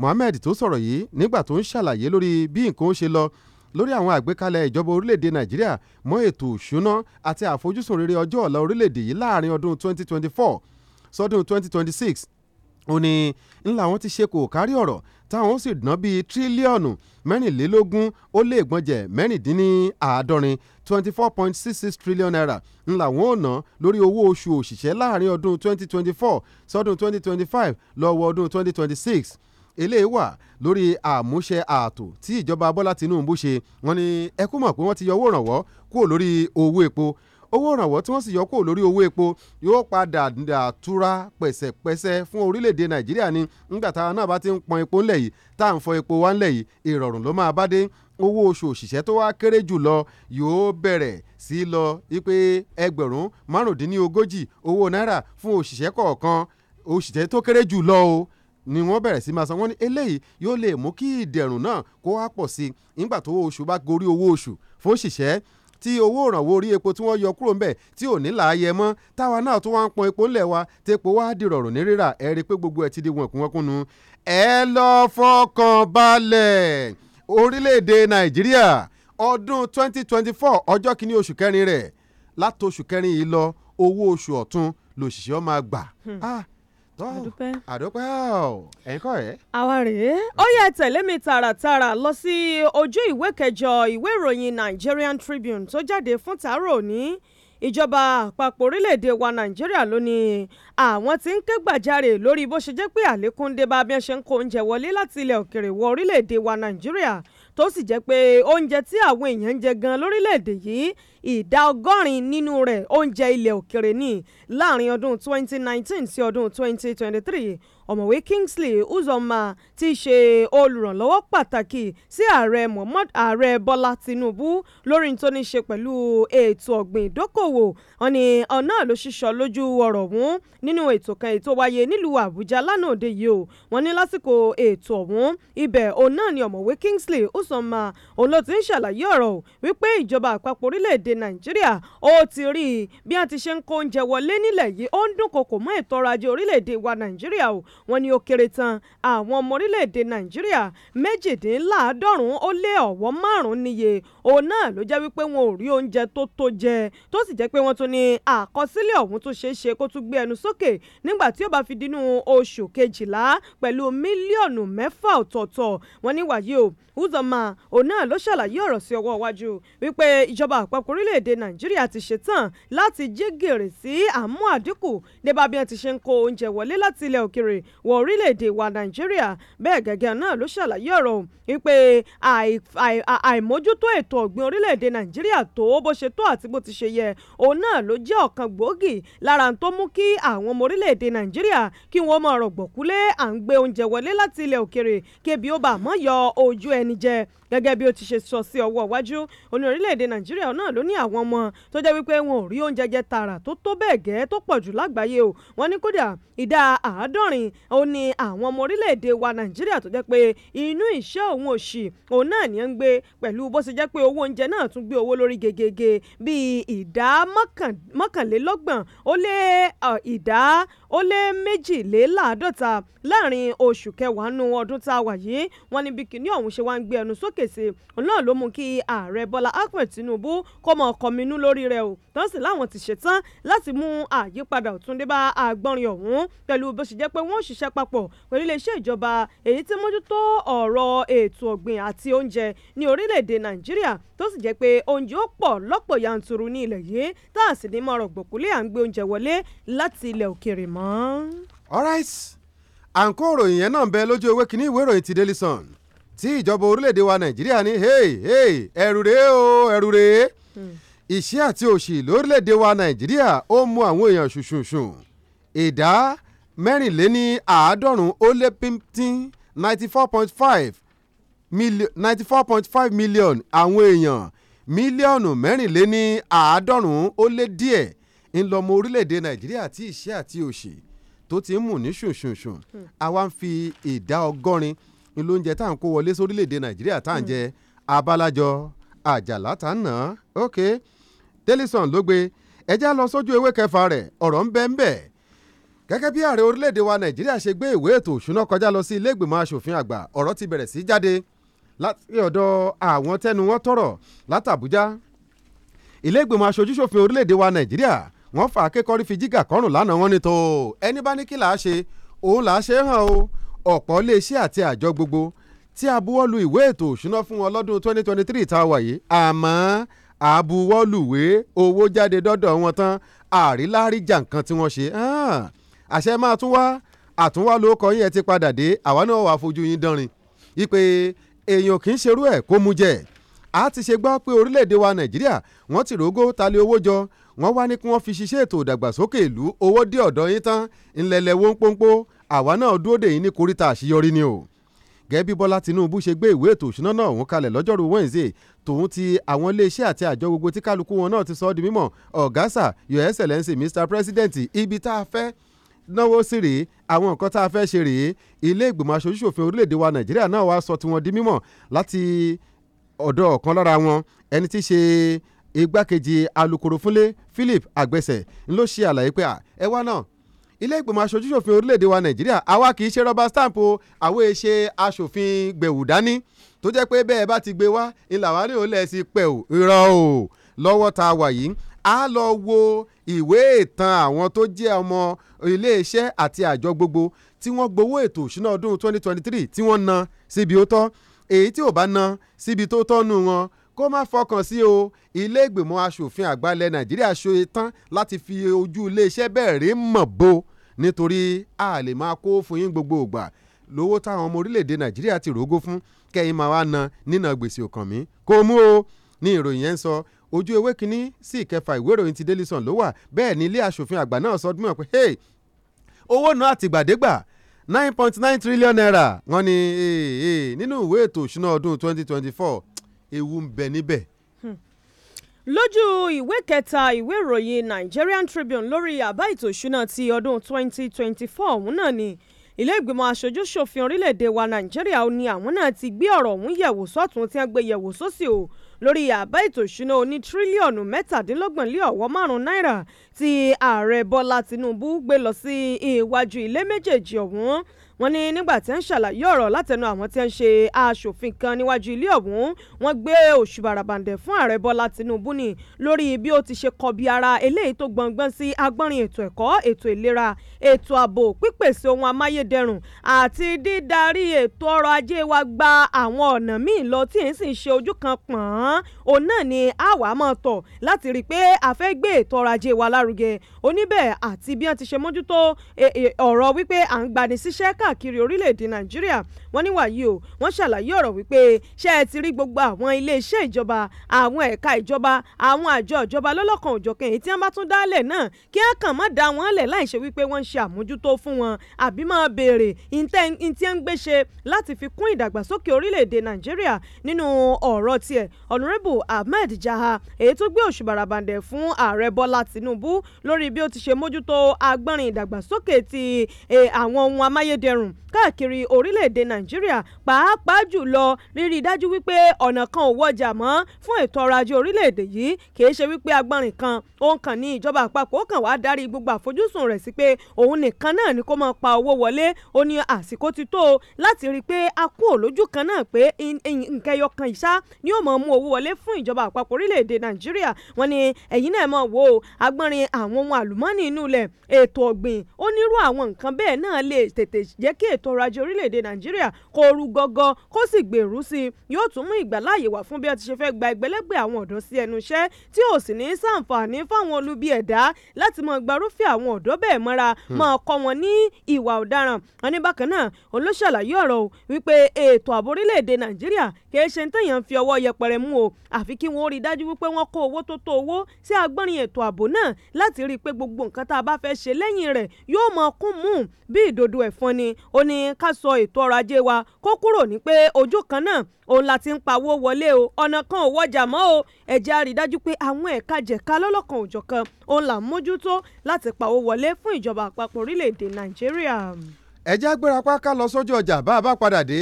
Mohammed tó sọ̀rọ̀ yìí nígbà tó ń ṣàlàyé lórí bí nǹkan ó ṣe lọ lórí àwọn àgbékalẹ̀ ìjọba orílẹ̀-èdè nàìjíríà mọ́ ètò òṣùná àti àfojúsùn rere ọjọ́ ọ̀la orílẹ̀-èdè yìí láàrin ọdún 2024 sọdún 2026 ó ní ńlá wọn ti ṣe kò kárí ọ̀rọ̀ táwọn sì ná bíi tírílíọ̀nù mẹ́rìnlélógún ó lé ìgbọ́njẹ̀ mẹ́rìndínláàádọ́rin twenty four point six six trillion naira ńlá wọn ò ná lórí owó oṣù òṣìṣẹ́ láàrin ọdún twenty twenty four sọ́dún twenty twenty five lọ́wọ́ ọdún twenty twenty six eléyìí wà lórí àmúṣe ààtò tí ìjọba Bọ́lá Tinubu ṣe wọ́n ní ẹ kú mọ̀ pé wọ́n ti yọ owó ìrànwọ́ kúrò lórí owó epo owó ìrànwọ́ tí wọ́n sì yọ kúrò lórí owó epo yóò padà dàtúrà pẹ̀sẹ̀pẹ̀sẹ̀ fún orílẹ̀-èdè Nàìjíríà ni nígbà táwa náà bá ti ń pọn epo ńlẹ̀ yìí tá à ń fọ epo wá ńlẹ̀ yìí ìrọ̀rùn ló máa bá dé owó oṣù òṣìṣẹ́ tó wá kéré jù lọ yóò bẹ̀rẹ̀ sí lọ wípé ẹgbẹ̀rún márùndínlógójì owó náírà fún òṣìṣẹ́ kọ̀ọ̀kan òṣìṣẹ́ tó kéré jù lọ o ni wọ́n bẹ̀rẹ̀ sí máa san wọ́n ní eléyìí yóò lè mú kí ìdẹ̀rùn náà kó wá pọ̀ sí i nígbà tó owó oṣù bá gorí owó oṣù fún òṣìṣẹ́ tí owó òrànwó orí epo tí wọ́n yọ kúrò ńbẹ̀ tí ò ní láàyè mọ́ táwa náà tó wá ń pọn epo ńlẹ̀ wa tepo wá di rọ̀rùn ní rírà ẹ rí i pé gbogbo ẹ̀ ti di wọ̀nkúnwọ̀nkúnnu. ẹ lọ fọkàn balẹ̀ orílẹ̀-èdè nàìjíríà ọdún 2024 ọjọ́ kìíní oṣù kẹrin rẹ̀ láti oṣù kẹrin yìí lọ owó oṣù ọ̀tún lòṣìṣẹ́ máa gbà. Hmm. Ah, tó àdópẹ́ ọ̀ ẹ̀yin kọ́ rẹ̀. àwa rèé ó yẹ tẹ̀lé mi tààràtààrà lọ sí ojú ìwé kẹjọ ìwé ìròyìn Nigerian Tribune tó jáde fún tàárọ̀ òní ìjọba àpapọ̀ orílẹ̀-èdè wa Nàìjíríà ló ní àwọn tí ń ké gbàjarè lórí bó ṣe jẹ́ pé àlékún dé bá bí wọ́n ṣe ń kó oúnjẹ wọlé láti ilẹ̀ òkèrè wọ orílẹ̀-èdè wa Nàìjíríà tó sì jẹ́ pé oúnjẹ tí àwọn èèyàn ń jẹ gan lórílẹ̀-èdè yìí ìdá ọgọ́rin nínú rẹ̀ oúnjẹ ilẹ̀ òkèrè ní láàrin ọdún 2019 sí ọdún 2023 ọ̀mọ̀wé Kingsley Uzoma ti ṣe olùrànlọ́wọ́ pàtàkì sí ààrẹ Muhammad ààrẹ Bọ́lá Tinubu lórí tó ní ṣe pẹ̀lú ètò ọ̀gbìn ìdókòwò wọn ni ọ̀nà ló ṣiṣọ́ lójú ọ̀rọ̀ ọ̀hún nínú ètò kan ètò wáyé nílùú Àbújá lánàá òde yìí o wọn ní lásìkò ètò ọ̀hún ibẹ̀ òun náà ni ọ̀mọ̀wé Kingsley Uzoma òun ló ti ń ṣàlàyé ọ̀rọ̀ wípé ìjọba àpapọ̀ orílẹ̀ nàìjíríà ó ti rí i bí wọ́n ti ṣe ń kó oúnjẹ wọlé nílẹ̀ yìí ó ń dúnkokò mọ́ ètò ọrọ̀ ajé orílẹ̀-èdè wa nàìjíríà o wọ́n ní ó kéré tán àwọn ọmọ orílẹ̀-èdè nàìjíríà méjìdínláàádọ́rùn-ún ó lé ọ̀wọ́ márùn-ún níye òun náà ló jẹ́ wípé wọn ò rí oúnjẹ tó tó jẹ tó sì jẹ́ pé wọ́n tún ní àkọsílẹ̀ ọ̀hún tún ṣeé ṣe kó tún gbé ẹnu sókè nígbà tí ó bá fi dínú oṣù kejìlá pẹ̀lú mílíọ̀nù mẹ́fà ọ̀tọ̀ọ̀tọ̀ wọn ní o Uzoma òun náà ló ṣàlàyé ọ̀rọ̀ sí ọwọ́ iwájú wípé ìjọba àpapọ̀ orílẹ̀ orílẹ̀-èdè nàìjíríà ti ṣetán láti jí gèrè sí àmú àdínkù nípa bí wọ́n ti ṣe ń kó oúnjẹ wọlé láti ilẹ̀ òkèrè wọ orílẹ̀-èdè wa nàìjíríà bẹ́ẹ̀ gẹ́gẹ́ náà ló ṣàlàyé ọ̀rọ̀ wípé àìmójútó ètò ọ̀gbìn orílẹ̀-èdè nàìjíríà tó bó ṣe tó àti bó ti ṣe yẹ òun náà ló jẹ́ ọ̀kan gbòógì lára tó mú kí àwọn ọmọ orílẹ̀-èdè nàìjíríà kí wọ́n máa rọ̀gbọ̀kúlé à ń gbé oúnjẹ wọlé láti ilẹ̀ òkèrè kébi ó bá àmọ́ yọ ojú ẹni jẹ gẹ́gẹ́ bí ó ti ṣe sọ sí ọwọ́ iwájú òní orílẹ̀-èdè nàìjíríà náà ló ní àwọn ọmọ tó jẹ́ wípé wọn ò rí oúnjẹ jẹ tààrà tó tó bẹ́ẹ̀ gẹ́ tó pọ̀ jù lágbàáyé o wọ́n ní kódà ìdá àádọ́rin ó ní àwọn ọmọ orílẹ̀-èdè wa nàìjíríà tó jẹ́ pé inú ìṣẹ́ òun òṣì òun náà ní ń gbé pẹ̀lú bó ṣe jẹ́ pé owó oúnjẹ náà tún gbé owó lórí gegege bíi ìdá mọ́kànlélọ́gbọ̀n ó lé ìdá ó lé méjìléláàádọ́ta láàrin oṣù kẹwàá nínú ọdún tá a wà yìí wọ́n ní bí kinní ọ̀hún ṣe wá ń gbé ẹnu sókè mókè sí i náà ló mú kí ààrẹ bọ́lá ahmed tinubu kó mọ kọminú lórí rẹ̀ o tán láwọn ti ṣetán láti mú àyípadà ọ̀túndé bá àgbọ̀nrín ọ̀hún pẹ̀lú bó ṣe jẹ́ pé wọ́n ṣiṣẹ́ papọ̀ pẹ̀lú iléeṣẹ́ ìjọba èyí tí mójútó ọ̀rọ̀ ètò ọ̀gbìn àti oúnjẹ ní orílẹ̀-èdè nàìjíríà tó sì jẹ́ pé oúnjẹ ó pọ̀ lọ́pọ̀ yanturu ní ilẹ̀ yìí tá a sì ní mọ̀ gbòkúlé à ń gbé oúnjẹ wọlé láti ilẹ̀ òkèèrè mọ́. all right àǹkó ìròyìn yẹn náà ń bẹ lójú ewé kínní ìwé ìròyìn ti Daily Sun tí ìjọba orílẹ̀-èdè wa nàìjíríà ní hey hey ẹ̀rù rèé o ẹ̀rù rèé hmm. ìṣẹ́ àti òṣì lórílẹ̀‐èdè wa nàìjíríà ó mú àwọn èèyàn ṣùṣùṣùn ìdá mẹ́rìnléní àádọ́rùn-ún ó lé pínpín ninety four point five million ninety four point five million àwọn èèyàn mílíọ̀nù mẹ́rìnléní àádọ́rùn-ún ó lé díẹ̀ ńlọmọ orílẹ̀‐èdè nàìjíríà tí ìṣẹ́ àti òṣì tó ti ń mú ní ṣùṣùṣùn àwa hmm. ń fi ìdá ọgọ́rin ìlú oúnjẹ tá à ń kó wọlé sórílẹ̀‐èdè nàìjíríà tá à ń hmm. jẹ abálájọ àjàlá tá ń nà án ok tẹlifíṣàn ló gbé ẹjá lọ sójú ewé kẹfà rẹ̀ ọ̀rọ̀ ń bẹ ń bẹ gẹ́gẹ́ bí ààrẹ orílẹ̀‐èdè wa nàìjíríà ṣe gbé ìwé ètò òṣùná kọjá lọ sí ilé ìgbìmọ̀ asòfin àgbà ọ̀rọ̀ ti bẹ̀rẹ̀ sí jáde láti ọ̀dọ̀ àwọn tẹnu wọn tọrọ látàbújá ilé ìgbìmọ̀ aṣojúṣòfin orílẹ̀‐èdè wa nàìjíríà wọ́n fà á kékọ́rí fi jígà kọ́rùn lánàá wọn ni tó ẹni bá ní kí làá ṣe òun làá ṣe hàn o ọ̀pọ̀ iléeṣẹ́ àti àjọ gbogbo tí a buwọ́lu ìwé ètò òṣùná fún wọn lọ́dún 2023 tá a wà yìí àmọ́ àbuwọ́lùwé owó jáde dọ́dọ̀ wọn tán àrílárí jàǹkan tí wọ́n ṣe àṣẹ máa tún wá àtúnwá ló kọ yín ẹ ti padà dé àwa náà wàá fojú yín dánrin ipe èèyàn kì í ṣerú ẹ̀ kó mu jẹ a ti ṣe gbọ́ pé orílẹ̀-èdè wa nàìjíríà wọ́n ti rògó talé owó jọ wọ́n wá ní kí wọ́n fi ṣiṣẹ́ ètò ìdàgbàsókè ìlú owó dé ọ̀dọ̀ yín tán ńlẹ̀lẹ̀ wọ́n pọ́npọ́n àwa náà dúró dè yín ní koríta àṣeyọrí ni o gẹ́gẹ́ bí bọ́lá tinubu ṣe gbé ìwé ètò òṣùná náà ọ̀hún kalẹ̀ lọ́jọ́rú wednesday tòun ti àwọn iléeṣẹ́ àti àjọ gbogbo tí kálukú wọn náà ti sọ ọ́ di mímọ̀ ọ̀gásà your excellency mr president ibi tá a fẹ́ náwó sí rèé àwọn nǹkan tá a fẹ́ ṣe rèé ilé ìgbìmọ̀ aṣojúṣòfin orílẹ̀-èdè wa nàìjíríà náà wá sọ tiwọn di mímọ̀ láti ọ̀dọ̀ ọ̀kan lára wọn ẹni tí ṣe igbákejì alukoro fúnlé philip àgbẹ̀sẹ̀ ńlọ ṣe àlàyé pé ẹ wá náà ilé ìgbìmọ̀ aṣojúṣòfin orílẹ̀‐èdè wa nàìjíríà àwa kì í ṣe rọ́bà stamp o àwa è ṣe aṣòfin gbẹ̀wù dání tó jẹ́ pé bẹ́ẹ̀ bá ti gbé wá ìlàwárí ò lẹ̀ sí pẹ̀ ò irọ́ o lọ́wọ́ tá a wà yìí a lọ wo ìwé ìtàn àwọn tó jẹ́ ọmọ iléeṣẹ́ àti àjọ gbogbo tí wọ́n gbowó ètò ìṣúná ọdún 2023 tí wọ́n na síbi ó tọ́ èyí tí ò bá na síbi tó tọ́nu wọn kó má fọkàn sí o ilé ìgbìmọ̀ asòfin àgbà ilẹ̀ nàìjíríà ṣe tán láti fi ojú iléeṣẹ́ bẹ́ẹ̀ rí mọ̀ bo nítorí a lè máa kó fún yín gbogbo ìgbà lówó táwọn ọmọ orílẹ̀-èdè nàìjíríà ti rògó fún kẹ́yìn máa wá na nínà gbèsè ọkàn mi kó mú o ní ìròyìn yẹn ń sọ ojú ewé kínní sí ìkẹfà ìwé ìròyìn ti Daily Sun ló wà bẹ́ẹ̀ ni ilé asòfin àgbà náà sọ dúnmọ̀ pé hey owó náà àtìgbàdégbà nine point nine trillion naira wọ́n ní nínú ìwé ètò ìṣúná ọdún twenty twenty four ewu ń bẹ níbẹ̀. lójú ìwé kẹta ìwé ìròyìn Nigerian Tribune lórí àbá ètò ìṣúná ti ọdún 2024 ọ̀hún náà ni ilé ìgbìmọ̀ aṣojú-ṣòfin orílẹ̀-èdè wa Nàìjíríà ni àwọn náà ti gbé ọ̀rọ̀ ọ̀hún yẹ̀wò sọ́tún tí wọ́n gbé yẹ̀wò sósì o lórí àbá ètò ìṣúná oní tírílíọ̀nù mẹ́tàdínlọ́gbọ̀n lé ọ̀wọ́ márùn-ún náírà tí ààrẹ Bọ́lá Tinubu gbé lọ sí iwájú ilé méjèèjì ọ̀hún wọ́n ní nígbà tí ń ṣàlàyé ọ̀rọ̀ látẹnu àwọn tí ń ṣe aṣòfin kan níwájú ilé ọ̀hún wọ́n gbé òṣùbàrà bàǹdẹ̀ fún ààrẹ Bọ́lá Tinubu ni lórí bí ó ti ṣe kọbi ara eléyìí tó gbọngbọ́n sí agbọ́nrin ètò ẹ̀kọ́ ètò ìlera ètò ààbò pípèsè ohun amáyédẹrùn àti dídarí ètò ọrọ̀ ajé wa gba àwọn ọ̀nà míì lọ tí ń sì ṣe ojú kan pọ̀n òun náà ni àwa máa tọ̀ láti rí pé a fẹ́ gbé ètò ọrọ̀ ajé wa lárugẹ oníbẹ̀ àti bí wọ́n ti ṣe mójútó e, e, ọ̀rọ̀ wípé à ń gbani síṣẹ́ ká káàkiri orílẹ̀-èdè nàìjíríà wọ́n ní wàyí o wọ́n ṣàlàyé ọ̀rọ̀ wípé ṣé ẹ ti rí gbogbo àwọn iléeṣẹ́ ìjọba àwọn ẹ̀ka ìjọba àwọn àjọ ìjọba lọ́lọ́kan òjọ̀kan èyí tí wọ́n bá tún dálẹ̀ náà kí wọ́n kàn má da wọn lẹ̀ láì ṣe wípé wọ́n ń ṣe àmójútó fún wọn àbí máa béèrè ní ń gbéṣe láti fi kún ìdàgbàsókè orílẹ̀-èdè nàìjíríà nínú ọ̀rọ̀ tiẹ̀ ahmed jaha èyí tó gbé òṣùbàrà bàǹdẹ̀ fún ààrẹ bọ́lá tinubu lórí bí ó ti ṣe mójútó agbọ́nrin ti e, àwọn ohun amáyédẹrùn room káàkiri orílẹ̀-èdè nàìjíríà pàápàá jùlọ rírí dájú wípé ọ̀nà kan ò wọjà mọ́ fún ètò ọrọ̀ ajé orílẹ̀-èdè yìí kìí ṣe wípé agbọ́nrin kan òun kàn ní ìjọba àpapọ̀ ó kàn wá darí gbogbo àfojúsùn rẹ̀ sí pé òun nìkan náà ni kó máa pa owó wọlé ó ní àsìkò ti tó láti rí i pé a kú òlójú kan náà pé nǹkan kan ìṣá ni ó máa mú owó wọlé fún ìjọba àpapọ̀ orílẹ̀-èdè nàìjíríà wọ́n ní ẹ̀yin náà máa wò ó agbọ́nrin àwọn ohun àlùmọ́ọ́nì inú ilẹ̀ ètò ọ̀gbìn onírú àwọn nǹkan bẹ́ẹ̀ náà lè tètè jẹ́ kí ètò ètò ọrọ̀ ajé orílẹ̀-èdè nàìjíríà kó rú gọ́gọ́ kó sì gbèrú sí i yóò tún mú ìgbàláàyè wà fún bí wọ́n ti ṣe fẹ́ gba ẹgbẹ̀lẹ́gbẹ̀ àwọn ọ̀dọ́ sí ẹnu iṣẹ́ tí ò sì ní sàǹfààní fáwọn olubi ẹ̀dá láti mọ gbarúfẹ́ àwọn ọ̀dọ́ bẹ́ẹ̀ mọ́ra hmm. máa kọ́ wọn ní ìwà ọ̀daràn wọn ní bákan náà olóṣàlàyé ọ̀rọ̀ o wípé ètò ààbò orílẹ̀-èdè nàìjíríà kìí ṣe téèyàn fi ọwọ́ yẹpẹrẹ mú o àfi kí wọ́n rí i dájú wípé wọ́n kó owó tó tó owó sí agbọ́nrin ètò ààbò náà láti rí i pé gbogbo nǹkan tá a bá fẹ́ ṣe lẹ́yìn rẹ̀ yóò mọ kún mú bí ìdodo ẹ̀fọn ni ó ní ni ká sọ ètò ọrọ̀ ajé wa kó kúrò ní pé ojú kan náà òun la ti ń pawó wọlé o ọ̀nà kan ò wọjà mọ́ o ẹ̀jẹ̀ á rí i dájú pé àwọn ẹ̀ka jẹ̀ka lọ́lọ́kan òjọ̀kan òun là ń mójútó láti pawó wọlé fún ìjọba àpapọ̀ orílẹ̀-èdè Nàìjíríà. ẹ̀jẹ̀ agbéra páká lọ sójú ọjà bá a bá padà dé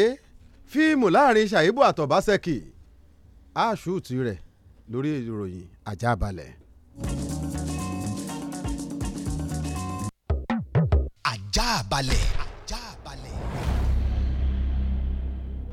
fíìmù láàrin Ṣàyíbù àtọ̀básẹ́kì áṣùtì rẹ̀ lórí ìròyìn àjábalẹ̀. àjábalẹ̀.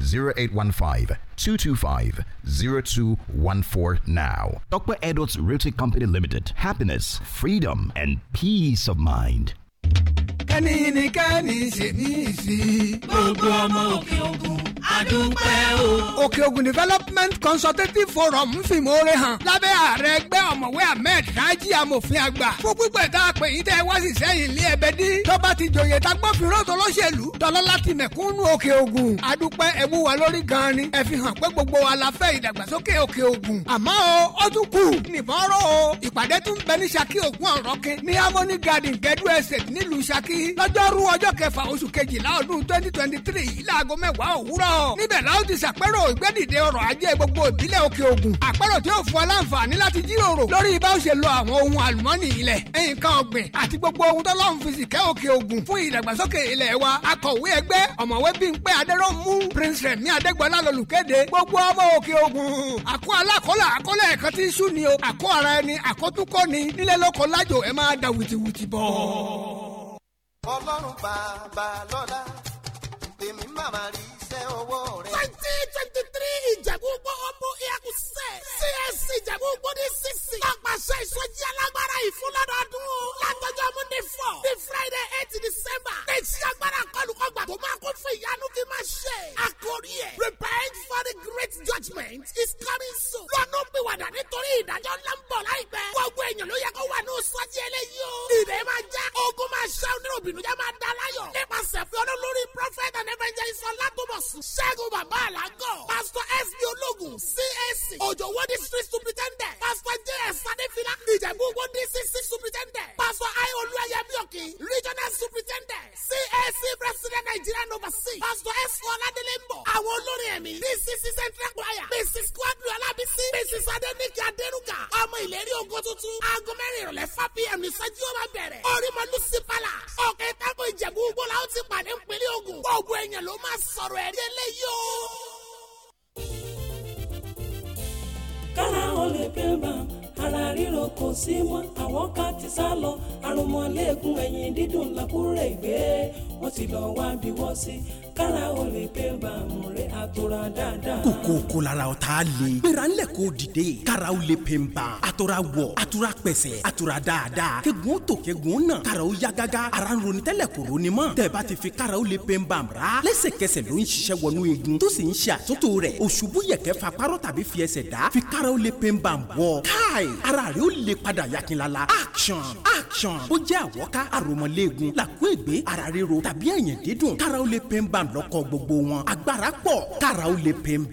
0815 225 0214 now. Dr. Edwards Realty Company Limited. Happiness, freedom, and peace of mind. ẹnikẹ́ni ṣe ní ìsìn. gbogbo ọmọ òkè ògùn àdúpẹ́ o. òkè ògùn development consultative forum ń fi mòore hàn lábẹ́ ààrẹ ẹgbẹ́ ọ̀mọ̀wé ahmed raji amòfin àgbà fún pípẹ́ tá a pè yín tẹ́ wá sí sẹ́yìn ilé ẹbẹ dí. tọ́ba ti jòyè tá gbọ́finró tọlọ́ṣẹ̀lú tọ́lá láti mẹ̀kúnnù òkè ògùn àdúpẹ́ ẹ̀mú wa lórí gan-an ni. ẹ fi hàn pé gbogbo wa la fẹ́ ìdàgbàsókè òkè ògùn. àmọ́ o ó tún kù nìbọn rọ o ìpàdé tún bẹ ní Ṣakí Ògùn Ọ̀rọ̀kin ní sí lọ́jọ́rú ọjọ́ kẹfà oṣù kejìlá ọdún twenty twenty three yìí láago mẹ́wàá òwúrọ̀ níbẹ̀ la ó ti ṣàpérò ìgbẹ́dìde ọrọ̀ ajé gbogbo ìbílẹ̀ òkè ògùn àpérò tí ó fún ọ láǹfààní láti jíròrò lórí bá ó ṣe lo àwọn ohun àlùmọ́nì ilẹ̀ nǹkan ọ̀gbìn àti gbogbo ohun tọ́lọ́run fi sì kẹ́ òkè ògùn fún ìdàgbàsókè ilẹ̀ wa akọ̀wé ẹgbẹ́ ọ̀mọ̀wé Bímpé Adéròmù Prince Rẹ̀mí Adégbọlá lolùkéde gbogbo ọmọ òkè ògùn àkó alákọ̀ọ́lá àkọ́lẹ̀ ẹ̀kan tí ń sú ni o àkó ara ẹni àkótúkọ́ ni nílẹ̀ lọ́kọ̀ lájò ẹ máa da wìtìwìtì bọ̀ ọlọ́run bàbá lọ́lá tèmi màmá rí iṣẹ́ ọwọ́ rẹ. twenty twenty three ìjẹ̀bú ọmọ bẹ́ẹ̀. csc jẹ̀bú gbódì sísì. lápasẹ̀ ìsọjí alágbára ìfúnlọ́dọọdún o. látọjọ́ monday four ní friday eight december. létí agbára kọlùkọgbà tó máa kún fún ìyanu kí n máa ṣe. àkórí ẹ̀ repent for the great judgement is coming soon. lọ́nà pìwàdà nítorí ìdájọ́ ńlá ń bọ̀ láìpẹ́. gbogbo èèyàn ló yẹ kó wà ní sọ́jí eléyìí o. ìdè máa já ogun máa ṣá onírò bìnújẹ́ máa da láyọ̀. nípasẹ̀ fi ọdún lórí prophet and evangelist ọlátọ́mọ̀sùn. ṣẹ́gun bàbá àlágọ̀. pastor s b ológun csc òjò wọ́n district superintendent pastor j.s. sadefila ìjẹ̀bú wọ́n district superintendent pastor ayo olúwayẹmí òkè regional superintendent cac president nigeria nova c pastor s. ọládélé ń bọ̀ àwọn olórin ẹ̀mí dcc central choir mrs kwadu alábísí mrs adenike adenuga ọmọ ìlérí ogun tuntun aago mẹ́rin ìrọ̀lẹ́ four pm ìsọjí ó máa bẹ̀rẹ̀ orímọ̀lú sípàlà ọ̀kẹ́ tábọ̀ ìjẹ̀bú gbọ́ la ó ti pàdé ń pèlè ogun gbogbo èèyàn ló máa sọ̀rọ̀ ẹ̀rí eléyìí o. kára ole lè pè ara ríro kò sí mọ́ àwọn ka ti sá lọ àrùn mọ́lẹ́gùn ẹ̀yìn dídùn làkúrẹ́ ti kára o lè pé bàmù rẹ̀ àtòrà dáadáa. kòkó kò lára ọ̀tá le gbéra ńlẹ̀ kò dìde kára o lè pè ń bà àtòrà wọ̀ àtòrà pẹ̀sẹ̀ àtòrà dáadáa kẹ́gun tó kẹ́gun náà kára o yá gágá ara ń ronú tẹ́lẹ̀ kò ronú mọ́ tẹ̀bá ti fi kára o lè pè ń bà rà lẹ́sẹ̀kẹsẹ̀ ló ń ṣiṣẹ́ wọnú igun tó sì ń ṣe àtúntò rẹ̀ òṣùbù yẹ̀kẹ́ fa párọ̀ tàbí fi ẹsẹ̀ dá fi kára o lè pè ń bà wọ̀ ara rẹ̀ ó lè padà yakinlala action action ó jẹ́ àwọ́ká àròmọ̀lẹ́gun làkúègbé ara ríro tàbí ẹ̀yìn dídùn kára o lè pè ń bam lọ́kọ̀ gbogbo wọn agbára pọ̀ kára ó lè pè ń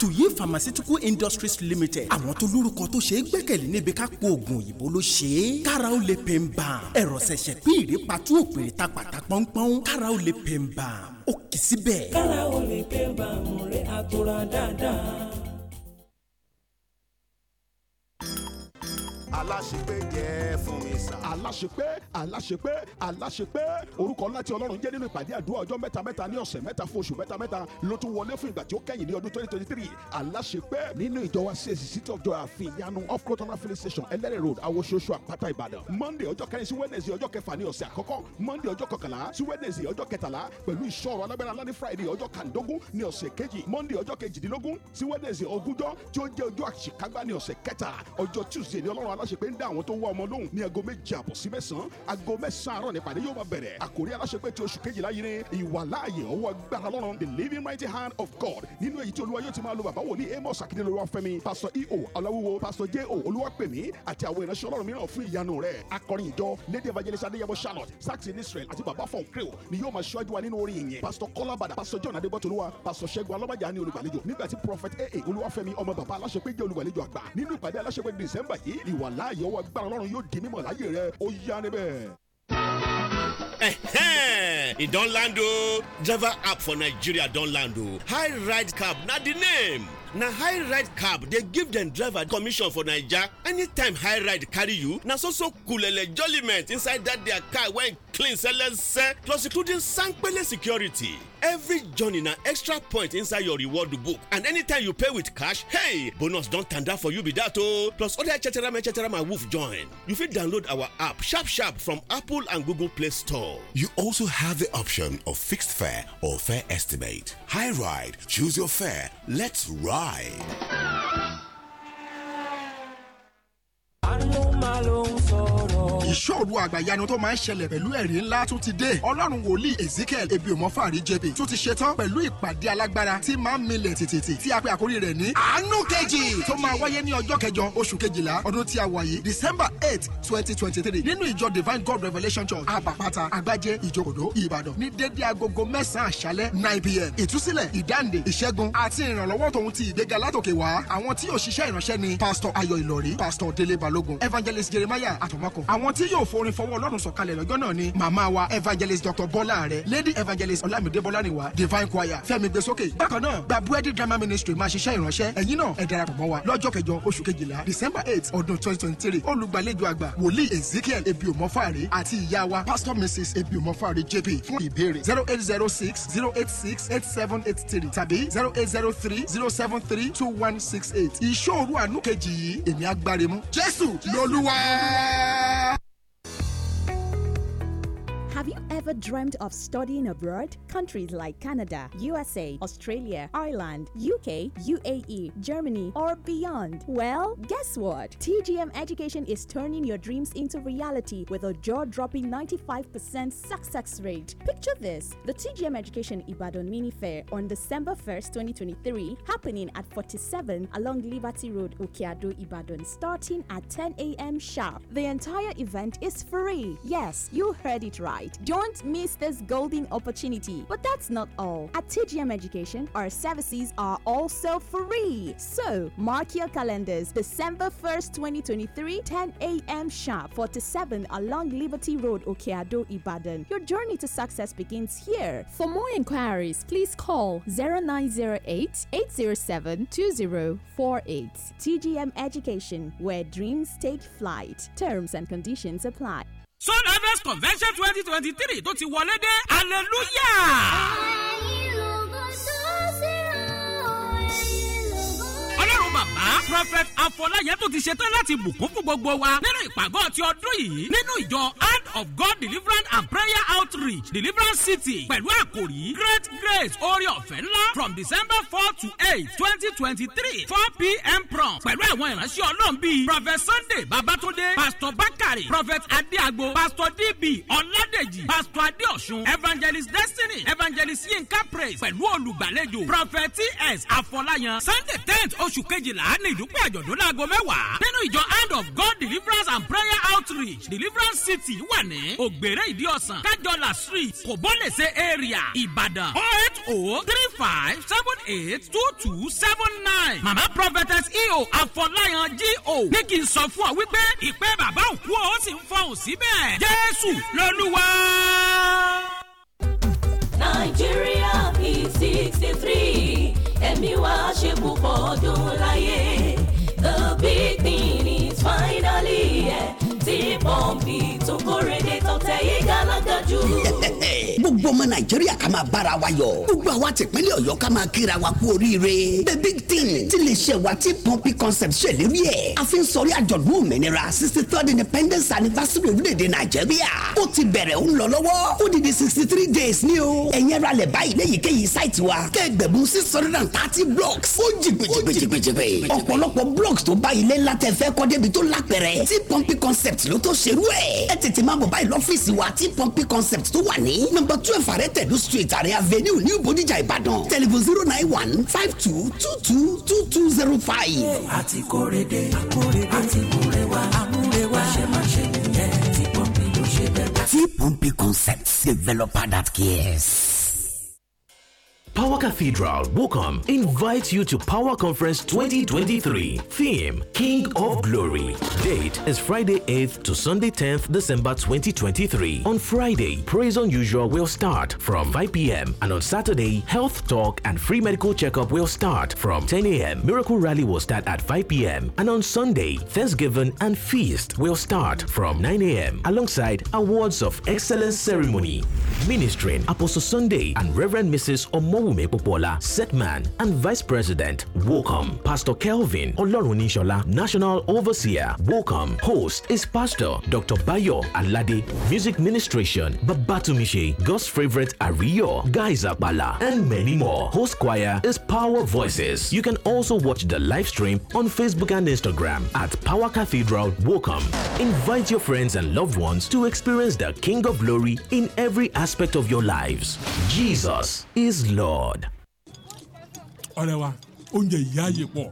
tuyi pharmaceutical industries limited àwọn tó lórúkọ tó ṣe é gbẹ́kẹ̀lé níbi ká po oògùn òyìnbó ló ṣe é kára ó lè pè ń bá. ẹ̀rọ ṣẹ̀ṣẹ̀ pín ìrèpàtú òpèrè ta pàtà pọ́npọ́n kára ó lè pè ń ó kì í síbẹ̀. kára ó lè pè ń bá àtúrà dáadáa aláṣepé jẹ́ fún mi sà. aláṣepé aláṣepé aláṣepé orúkọ ńlá tí ọlọ́run jẹ́ nínú ìpàdé àdúrà ọjọ́ mẹ́ta mẹ́ta ní ọ̀sẹ̀ mẹ́ta fún oṣù mẹ́ta mẹ́ta ló tún wọlé fún ìgbà tí ó kẹ́yìn ní ọdún twenty twenty three aláṣepé nínú ìjọ wa csc city of joy àfin ìyanu off croton filling station ẹlẹ́rẹ̀ road awososo àpáta ìbàdàn monday ọjọ́ kẹrin sí wednesday ọjọ́ kẹfà ní ọ̀sẹ̀ àkọ́kọ́ monday ọjọ́ kọkànlá sí wednesday ọjọ́ kẹtàlá pẹ̀lú ìṣòro alágbára ńlá ní friday ọjọ́ kàndógún ní ọ̀sẹ̀ kejì monday ọjọ́ kejìdínlógún sí wednesday ogúnjọ́ tí ó jẹ́ ọjọ́ àṣekágbá ní ọ̀sẹ̀ kẹta ọjọ́ tuesday ní ọlọ́run aláṣepé ń dá àwọn tó wá ọmọ lóhùn ní aago méje àbọ̀ sí mẹ́sàn-án aago mẹ́sàn-án àárọ̀ nípàdé yóò máa bẹ̀rẹ̀ àkórí aláṣepé ti oṣù kejìlá yìí ni ìwàláàyè ọwọ́ agbára lọ́rùn the living mighty hand of God nínú èyí tí olúwa yóò ti máa lo bàbá wòlíì Amos akíndélórúwá fẹ́mi pásítọ̀ E.O. ọláwúwo pásítọ̀ J.O. olúwapẹ̀mí àti àwọn ìránṣẹ́ ọlọ́run mìíràn fún ìyanu rẹ̀ akọrin ìjọ yàn láàyò ọwọ́ agbára ọlọ́run yóò di mímọ̀ láyé rẹ ó yá níbẹ̀ e driver app for nigeria don high ride cab na the name na high ride cab dey give dem driver commission for naija anytime high ride carry you na so so kulele jollyment inside dat their car wey clean selese plus including sanpele security every journey na extra point inside your reward book and anytime you pay with cash hey bonus don tanda for you be dat o oh. plus other echeterama echeterama woof join you fit download our app sharp sharp from apple and google play store. you also have the option of fixed fare or fare estimate high ride choose your fare let's ride iṣẹ́ òru àgbàyanu tó máa ń ṣẹlẹ̀ pẹ̀lú ẹ̀rí ńlá tún ti dé ọlọ́run wòlíì ezekiel ebiomofari jp tún ti ṣetán pẹ̀lú ìpàdé alágbára tí máa ń milẹ̀ tètè tí a pè àkórí rẹ̀ ní àánú kejì tó máa wáyé ní ọjọ́ kẹjọ oṣù kejìlá ọdún tí a wà yìí december eight twenty twenty three nínú ìjọ divine god revelation church abapata agbájé ìjókòdó ìbàdàn ní dédé agogo mẹ́sàn-án àṣálẹ́ nine pm ìtúsílẹ̀ ìdáǹdè ìṣẹ́gun àti ìrànlọ́wọ́ tòun ti ìgbéga látòkè wá àwọn tí òṣìṣẹ́ ìránṣẹ́ ni pastor ayọ̀ ìlọ̀rí pastor délé evangelist jeremiah àtọ̀mọ́kọ àwọn t tí yóò forin fọwọ́ ọlọ́run sọ̀kalẹ̀ lọ́jọ́ náà ni màmá wa evangelist dr bọ́lá rẹ̀ lady evangelist ọlámídé bọ́lárìnwá divine choir fẹ́mi gbèsókè bákan náà gbabuẹ́dì drama ministry máa ṣiṣẹ́ ìránṣẹ́ ẹ̀yin náà ẹ darapọ̀ mọ́ wa lọ́jọ́ kẹjọ oṣù kejìlá december eight ọdún twenty twenty three olùgbàlejò àgbà wòlíì ezekiel ebiomofari àti ìyá wa pastor mrs ebiomofari jp fún ìbéèrè zero eight zero six zero eight six eight seven eight three tàbí zero eight zero three zero seven three two one six eight ìṣòro àánú kejì yìí èmi agbáremú jésù lolúwa. dreamt of studying abroad? Countries like Canada, USA, Australia, Ireland, UK, UAE, Germany, or beyond? Well, guess what? TGM Education is turning your dreams into reality with a jaw dropping 95% success rate. Picture this the TGM Education Ibadan Mini Fair on December 1st, 2023, happening at 47 along Liberty Road, Ukiado, Ibadan, starting at 10 a.m. sharp. The entire event is free. Yes, you heard it right. Don't miss this golden opportunity. But that's not all. At TGM Education, our services are also free. So, mark your calendars December 1st, 2023, 10 a.m. sharp, 47 along Liberty Road, Okeado, Ibadan. Your journey to success begins here. For more inquiries, please call 0908 807 2048. TGM Education, where dreams take flight. Terms and conditions apply. Sun Harvest Convention twenty twenty three tó ti wọlé dé hallelujah. ọlọ́run bàbá prophet afọláyẹ tún ti ṣetán láti bùkún fún gbogbo wa nínú ìpàgọ́ ti ọdún yìí nínú ìjọ hand of god deliverance and prayer outreach deliverance city pẹ̀lú àkòrí great grace oore ọ̀fẹ́ ńlá from december four to eight twenty twenty three four pm prompt pẹ̀lú àwọn ìránṣẹ́ ọlọ́run bíi prophet sunday babatunde pastor bakare prophet adeagbo pastor db ọládèjì pastor adeosun evangelist destiny evangelist yinka praise pẹ̀lú olùgbàlejò prophet ts afọláyan sunday tenth oṣù oṣù kejìlá ní ìdúpẹ́ àjọ̀dún láago mẹ́wàá nínú ìjọ hand of God deliverance and prayer outreach deliverance city wà ní ògbèrè ìdí ọ̀sán kájọlá street kòbólèsè area ìbàdàn oh eight oh three five seven eight two two seven nine mama prophetess eo Afolayan go ní kí n sọ fún ọ wípé ìpè bàbá òkú ó sì ń fọhùn síbẹ̀ jésù lolúwa. nàìjíríà p sixty three ẹ̀mí wa ṣe púpọ̀ ọdún láyé the big thing is finally ẹ̀ tí pọ́ǹpì tó kórè dé tọ̀tẹ̀ yìí gálágà jù gbogbo ọmọ nàìjíríà ká máa bára wa yọ̀ gbogbo àwa tìpínlẹ̀ ọ̀yọ́ ká máa kíra wa kú oríire the big thing ti lè ṣe wa tí pọ́ńpì concept ṣèlérí ẹ̀ a fi ń sọrí àjọ̀dún òmìnira sixty third independence anniversary orílẹ̀-èdè nàìjíríà ó ti bẹ̀rẹ̀ ń lọ lọ́wọ́ ó di di sixty three days ní o ẹ̀yẹn ra lẹ̀ báyìí léyìíkéyìí sáìtì wa kẹ́gbẹ̀bùn six hundred and thirty blocks ó jì gbèjìgbèjìgbè ọ̀pọ̀lọpọ̀ blocks tó bá ilé ńlá tẹ fẹ́ kọ́ débi tó lápẹ̀rẹ̀ tí pọ́ńpì concept ló tó ṣerú ẹ̀ ẹ tètè máa bọ̀ báyìí lọ́fíìsì wa tí pọ́ńpì concept tó wà ní nọ́mbà twelve àrẹ tẹ̀lú street àrẹ avenue new Bodija Ìbàdàn telephone zero nine one five two two two two two zero five. a ti kórè dé a kórè dé a ṣe má ṣe nìyẹn tí pọ́ǹpì ló ṣe bẹ́ẹ̀. tí pọ́ǹpì concepts developer that cares. Power Cathedral, Wocom invites you to Power Conference 2023. Theme King of Glory. Date is Friday 8th to Sunday 10th December 2023. On Friday, Praise Unusual will start from 5 p.m. and on Saturday, Health Talk and Free Medical Checkup will start from 10 a.m. Miracle Rally will start at 5 p.m. and on Sunday, Thanksgiving and Feast will start from 9 a.m. alongside Awards of Excellence Ceremony. Ministering Apostle Sunday and Reverend Mrs. Omo Owume Popola, Setman, and Vice President, Welcome, Pastor Kelvin Olorunishola, National Overseer, Welcome, Host is Pastor Dr. Bayo Alade, Music Ministration, Babatumishi, God's Favorite Ario, Gaiser Bala, and many more. Host Choir is Power Voices. You can also watch the live stream on Facebook and Instagram at Power Cathedral, Welcome. Invite your friends and loved ones to experience the King of Glory in every aspect of your lives. Jesus is Lord. God. ọ̀rẹ́ wa oúnjẹ ìyá yìí pọ̀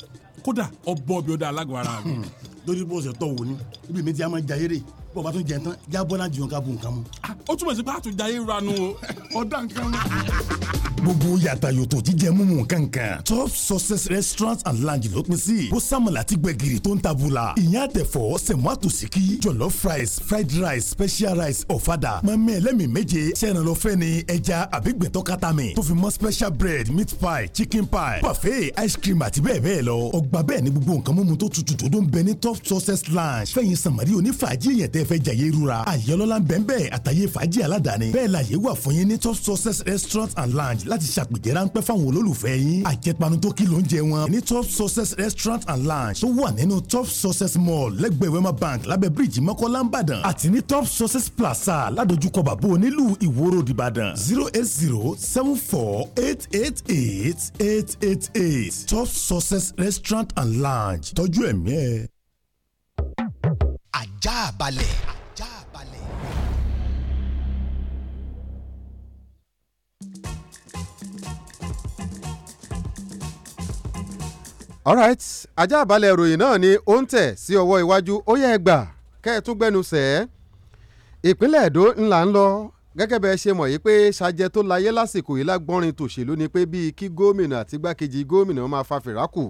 kódà ọbọ̀ bí ó dá alágbára mi. Hmm. lórí bó ṣe tọ̀ wò ni ibi mi ti á máa jayé rè bó bá tún jẹ tán jábọ́ náà ká bu nǹkan mu. Ah, ó túmọ̀ sí pé àtúnjà ranu o ọ̀dà nǹkan rẹ. gbogbo yàtàyòtò jíjẹ mímu kankan top success restaurant and lounge ló pin sí bó sàmàlà ti gbẹ̀gìrì tó ń tabula ìyẹn àtẹ̀fọ́ sẹ̀mú àtòsíkí jollof rice fried rice special rice ọ̀fadà mọ̀mí ẹlẹ́mìí méje sẹ̀rànlọ́fẹ́ ni ẹja àbígbẹ̀tọ́ kátàmì tó fi mọ́ special bread meat pie chicken pie buffet, ice cream àti bẹ́ẹ̀ bẹ́ẹ̀ lọ ọgbà bẹ́ẹ̀ ni gbogbo nǹkan mímu tó tutù tó dún bẹ ní top success lounge fẹ̀yìn sàmàlì onífàájì yẹn tẹ́ fẹ́ jàyè rúra àyè ọlọ́lá ń àtàyè fàájì aládàáni bẹ́ẹ̀ la yẹ wà fún yín ní top success restaurant and lounge láti ṣàpèjẹ ráńpẹ́ fáwọn olólùfẹ́ yín àjẹpanu tó kí ló ń jẹ wọn ní top success restaurant and lounge tó wà nínú top success mall lẹ́gbẹ̀ẹ́ wema bank lábẹ́ bíríìjì mọ́kọ́lá ńbàdàn àti ní top success plaza ládojúkọ bàbá onílù ìwòrò ìbàdàn zero eight zero seven four eight eight eight eight eight eight top success restaurant and lounge tọ́jú ẹ̀mí ẹ̀ ajá balẹ̀. ajá balẹ̀. alright ìròyìn náà ni ó ń tẹ̀ sí ọwọ́ iwájú ó yẹ ẹgbà kẹ́ ẹ tún gbẹ́nu sẹ̀ ẹ́ ìpínlẹ̀ èdò ńlá ń lọ gẹ́gẹ́ bẹ́ẹ̀ ṣe mọ̀ yìí pé ṣàjẹ tó láyé lásìkò yìí lágbọ́nrin tòṣèlú ni pé bíi kí gómìnà àti igbákejì gómìnà máa fa fìràkù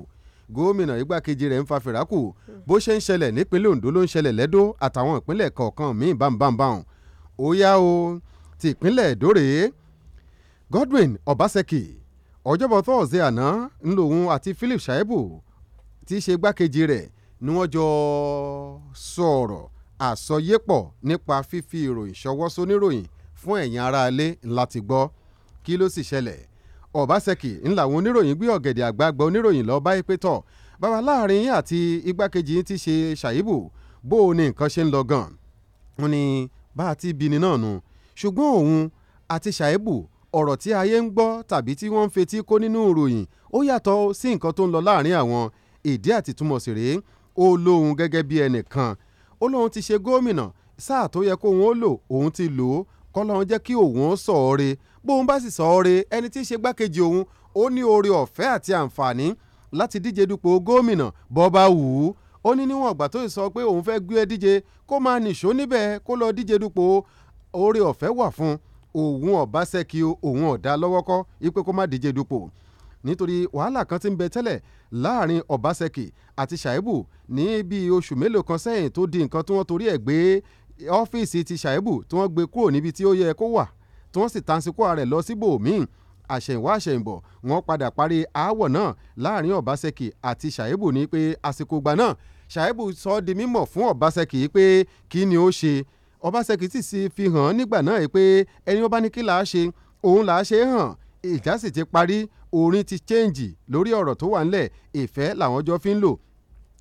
gómìnà igbákejì rẹ̀ ń fa fìràkù bó ṣe ń ṣẹlẹ̀ nípínlẹ̀ Ondo ló ń ṣẹlẹ̀ lẹ́dọ̀ àtàwọn ìpínlẹ̀ kọ̀ọ̀kan míì bámbámbáhùn ó o ti ìpínlẹ̀ Èdó rèé Godwin Obaseki ọjọ́bọ̀ thursday àná ń lòun àti Philip Shaibu tí í ṣe igbákejì rẹ̀ ni wọ́n jọ sọ̀rọ̀ àsọyépọ̀ nípa fífi ìròyìn ṣọwọ́ sóníròyìn fún ẹ̀yin aráalé láti gbọ́ kí ló sì ṣẹlẹ̀ Obaseki ńlá àwọn oníròyìn gbé ọ̀gẹ̀dẹ̀ àgbààgbà oníròyìn lọ bá pé tọ̀ bàbá láàrin yín àti igbákejì yín ti ṣe ṣàyíbù bó o ní nǹkan ṣe ń lọ gan wọn ni bá a ti bini náà nu ṣùgbọ́n òun àti ṣàyíbù ọ̀rọ̀ tí ayé ń gbọ́ tàbí tí wọ́n ń fetí kó nínú ìròyìn ó yàtọ̀ sí nǹkan tó ń lọ láàrin àwọn ìdí àti túmọ̀ sí rèé ó lóhun gẹ́gẹ́ bí ẹnìkan ó lóhun ti ṣe gómìnà sáà tó yẹ kóhun ó lò òun ti lò ó kọ́lọ́hún jẹ́ kí òun ó sọ̀ọ́re bóun bá sì sọ ọ́re ẹni tí í ṣe gbákejì òun ó ní oore ọ̀fẹ́ àti àǹfààní láti díje dupò gómìnà bó bá wù ú ó ní níwọ̀n ìgbà tó sọ pé òun fẹ́ gbé ẹ e díje kó máa nìṣó níbẹ̀ kó lọ díje dupò oore ọ̀fẹ́ wà fún òun ọ̀básẹ́kì òun ọ̀dà lọ́wọ́kọ́ ipe kó má díje dupò nítorí wàhálà kan ti ń bẹ tẹ́lẹ̀ láàrin ọ̀básẹ́kì àti ṣàìbù ní bíi oṣù mélòó kan sẹ́yìn tó di nǹkan tí wọ́n torí ẹ̀ gbé ọ́fíìsì ti ṣàìbù tí wọ́n gbé kúrò níbi tí ó yẹ kó wà tí wọ́n sì tanṣíkò rẹ̀ lọ síbòmíì àṣẹ̀yìnwá àṣẹ̀yìnbọ̀ wọ́n padà parí aáwọ̀ náà láàrin Ọbaṣẹ́kì àti Ṣàyẹ̀bù ní pé àsìkò gbà náà Ṣàyẹ̀bù sọ ọ́ di mímọ̀ fún Ọbaṣẹ́kì pé kí ni ó ṣe Ọbaṣẹ́kì sì sì fi hàn nígbà náà pé ẹni ó bá ní kí làá ṣe òun làá ṣe é hàn ìjà sì ti parí orin ti chẹ́ǹjì lórí ọ̀rọ̀ tó wà ńlẹ̀ ìfẹ́ làwọn jọ fi ń lò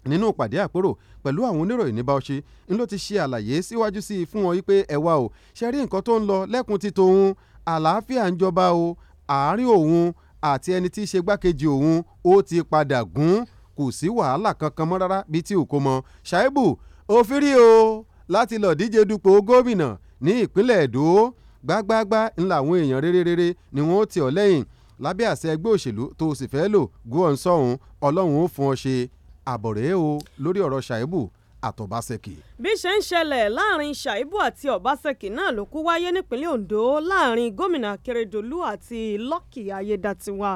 nínú ìpàdé àpérò pẹ̀lú àwọn oníròyìn ní Bauchi ń ló ti ṣe àlàyé síwájú sí i fún wọn wípé ẹ wá o ṣe rí nǹkan tó ń lọ lẹ́kùn ti tòun àlàáfíà ń jọba o àárín òun àti ẹni tí í ṣe gbákejì òun ó ti padà gún kò sí wàhálà kankan mọ́ rárá bíi tí ò kó Ṣáíbù òfin o láti lọ díje dupò gómìnà ní ìpínlẹ̀ Èdó gbágbáágbá ńlá àwọn èèyàn rere rere ni wọ́n ó tì ọ́ lẹ́yìn lábẹ́ àṣẹ ẹgbẹ́ òṣèlú tó o sì fẹ́ lò gún ọ̀n sọ́hun ọlọ́run ó fún ọ ṣe àbọ̀rẹ́ o lórí ọ̀rọ̀ Ṣàìbù àti Ọbaṣẹ́kì. bí ṣe ń ṣẹlẹ̀ láàrin Ṣàìbù àti Ọbaṣẹ́kì náà ló kú wáyé nípínlẹ̀ Ondo láàrin gómìnà Akérédolú àti Lucky Ayédatiwa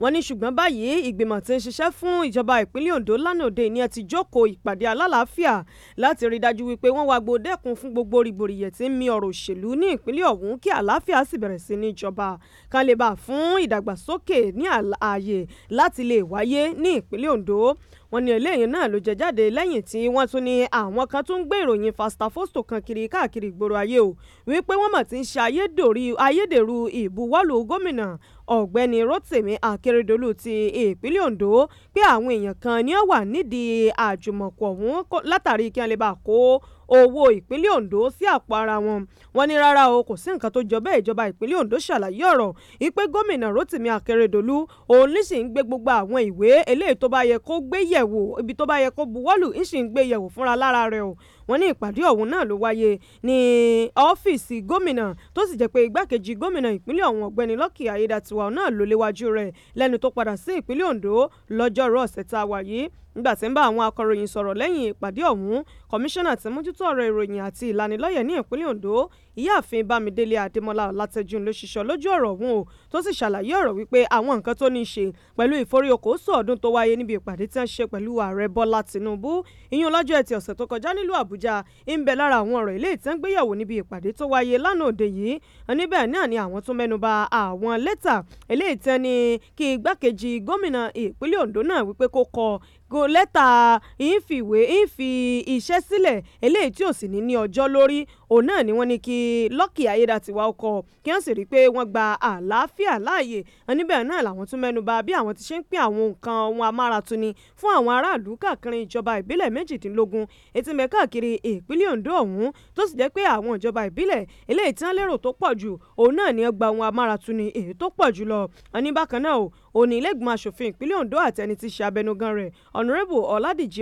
wọ́n ní ṣùgbọ́n báyìí ìgbìmọ̀ tí ń ṣiṣẹ́ fún ìjọba ìpínlẹ̀ Ondo lánàá òde ni ẹ ti jókòó ìpàdé alálàáfíà láti rí dájú wípé wọ́n wá gbòdẹ́kun fún gbogbo rìbòrìyẹ̀ tí ń mi ọ̀rọ̀ òṣèlú ní ìpínlẹ̀ ọ̀hún kí àlàáfíà sì bẹ̀rẹ̀ sí ní ìjọba kan lè bà fún ìdàgbàsókè ní ààyè láti lè wáyé ní ìpínlẹ̀ Ondo wọ́n ní eléyìí náà ló jẹ jáde lẹ́yìn tí wọ́n tún ní àwọn kan tún ń gbé ìròyìn fastafosto kan kiri káàkiri ìgboro ayé o wípé wọ́n mọ̀ ti ń ṣe ayédèrú ìbuwọ́lù gómìnà ọ̀gbẹ́ni rotimi akeredolu ti ìpínlẹ̀ ondo pé àwọn èèyàn kan ni wọ́n wà nídìí àjùmọ̀pọ̀ ọ̀hún látàrí kí wọ́n lè bá kó owó ìpínlẹ̀ Ondo sí àpò ara wọn wọ́n ní rárá o kò sí nǹkan tó jọ bẹ́ẹ̀ ìjọba ìpínlẹ̀ Ondo ṣàlàyé ọ̀rọ̀ ìpè gómìnà Rotimi Akeredolu òun ní sì ń gbé gbogbo àwọn ìwé eléyìí tó bá yẹ kó gbé yẹ̀wò ibi tó bá yẹ kó buwọ́lù ń ń gbé yẹ̀wò fúnra lára rẹ̀ o wọ́n ní ìpàdé ọ̀hún náà ló wáyé ní ọ́fíìsì gómìnà tó sì jẹ́ pé igbákejì gómìnà ìpínlẹ̀ ọ̀hún ọ̀gbẹ́ni Lucky Aiyedatiwa náà ló léwájú rẹ̀ lẹ́nu tó padà sí ìpínlẹ̀ Ondo lọ́jọ́rú ọ̀sẹ̀ tá a wà yìí nígbà tí ń bá àwọn akọ̀ròyìn sọ̀rọ̀ lẹ́yìn ìpàdé ọ̀hún kọmíṣánná tí mójútó ọ̀rọ̀ ìròyìn àti ìlanilọ́yẹ̀ ní ìpínlẹ̀ Ondo ìyáàfin Bámidélé Adémọ́lá Ọlátẹ́jùn ló ṣiṣọ́ lójú ọ̀rọ̀ ọ̀hún o tó sì ṣàlàyé ọ̀rọ̀ wípé àwọn nǹkan tó ní í ṣe pẹ̀lú ìforíokòósọ ọdún tó wáyé níbi ìpàdé tí wọ́n ṣe pẹ̀lú ààrẹ Bọ́lá Tinubu ìyún lọ́jọ́ ẹtì ọ̀sẹ̀ tó kọjá nílùú Àbújá ń bẹ lára àwọn ọ̀rọ̀ ilé ìtẹ́ngbéyàwó níbi ìpàdé tó wáyé lánàá òde yìí níbẹ̀ náà ni àwọn tó mẹ́nuba àwọn lẹ́tà eléyìí tẹ́ni kí igbákejì gómìnà ìpínlẹ̀ Ondo náà wípé kó kọ go lẹ́tà ìfìwé ìfì iṣẹ́ sílẹ̀ eléyìí tí ò sì ní ní ọjọ́ lórí òun náà ni wọ́n ní kí Lucky Ayédatiwa ó kọ kí wọ́n sì rí i pé wọ́n gba àlàáfíà láàyè níbẹ̀ náà làwọn tún mẹ́nuba bí àwọn ti ṣe ń pín àwọn nǹkan ohun amáratuni fún àwọn aráàlú káàkiri ìjọba ìbílẹ̀ méjìdínlógún etí mẹ́ káàkiri ìpínlẹ̀ Ondo ọ̀hún tó sì jẹ́ pé àwọn ìjọba ìbílẹ̀ eléyìí tí wọ́n lérò tó pọ̀ jù òun náà ni ó ohun amáratuni èyí tó pọ̀ jù lọ òní iléègbìmọ̀ asòfin ìpínlẹ̀ Ondo àti ẹni tí ṣe abẹnugan rẹ̀ ọ̀nàrẹ́bù ọ̀làdìjì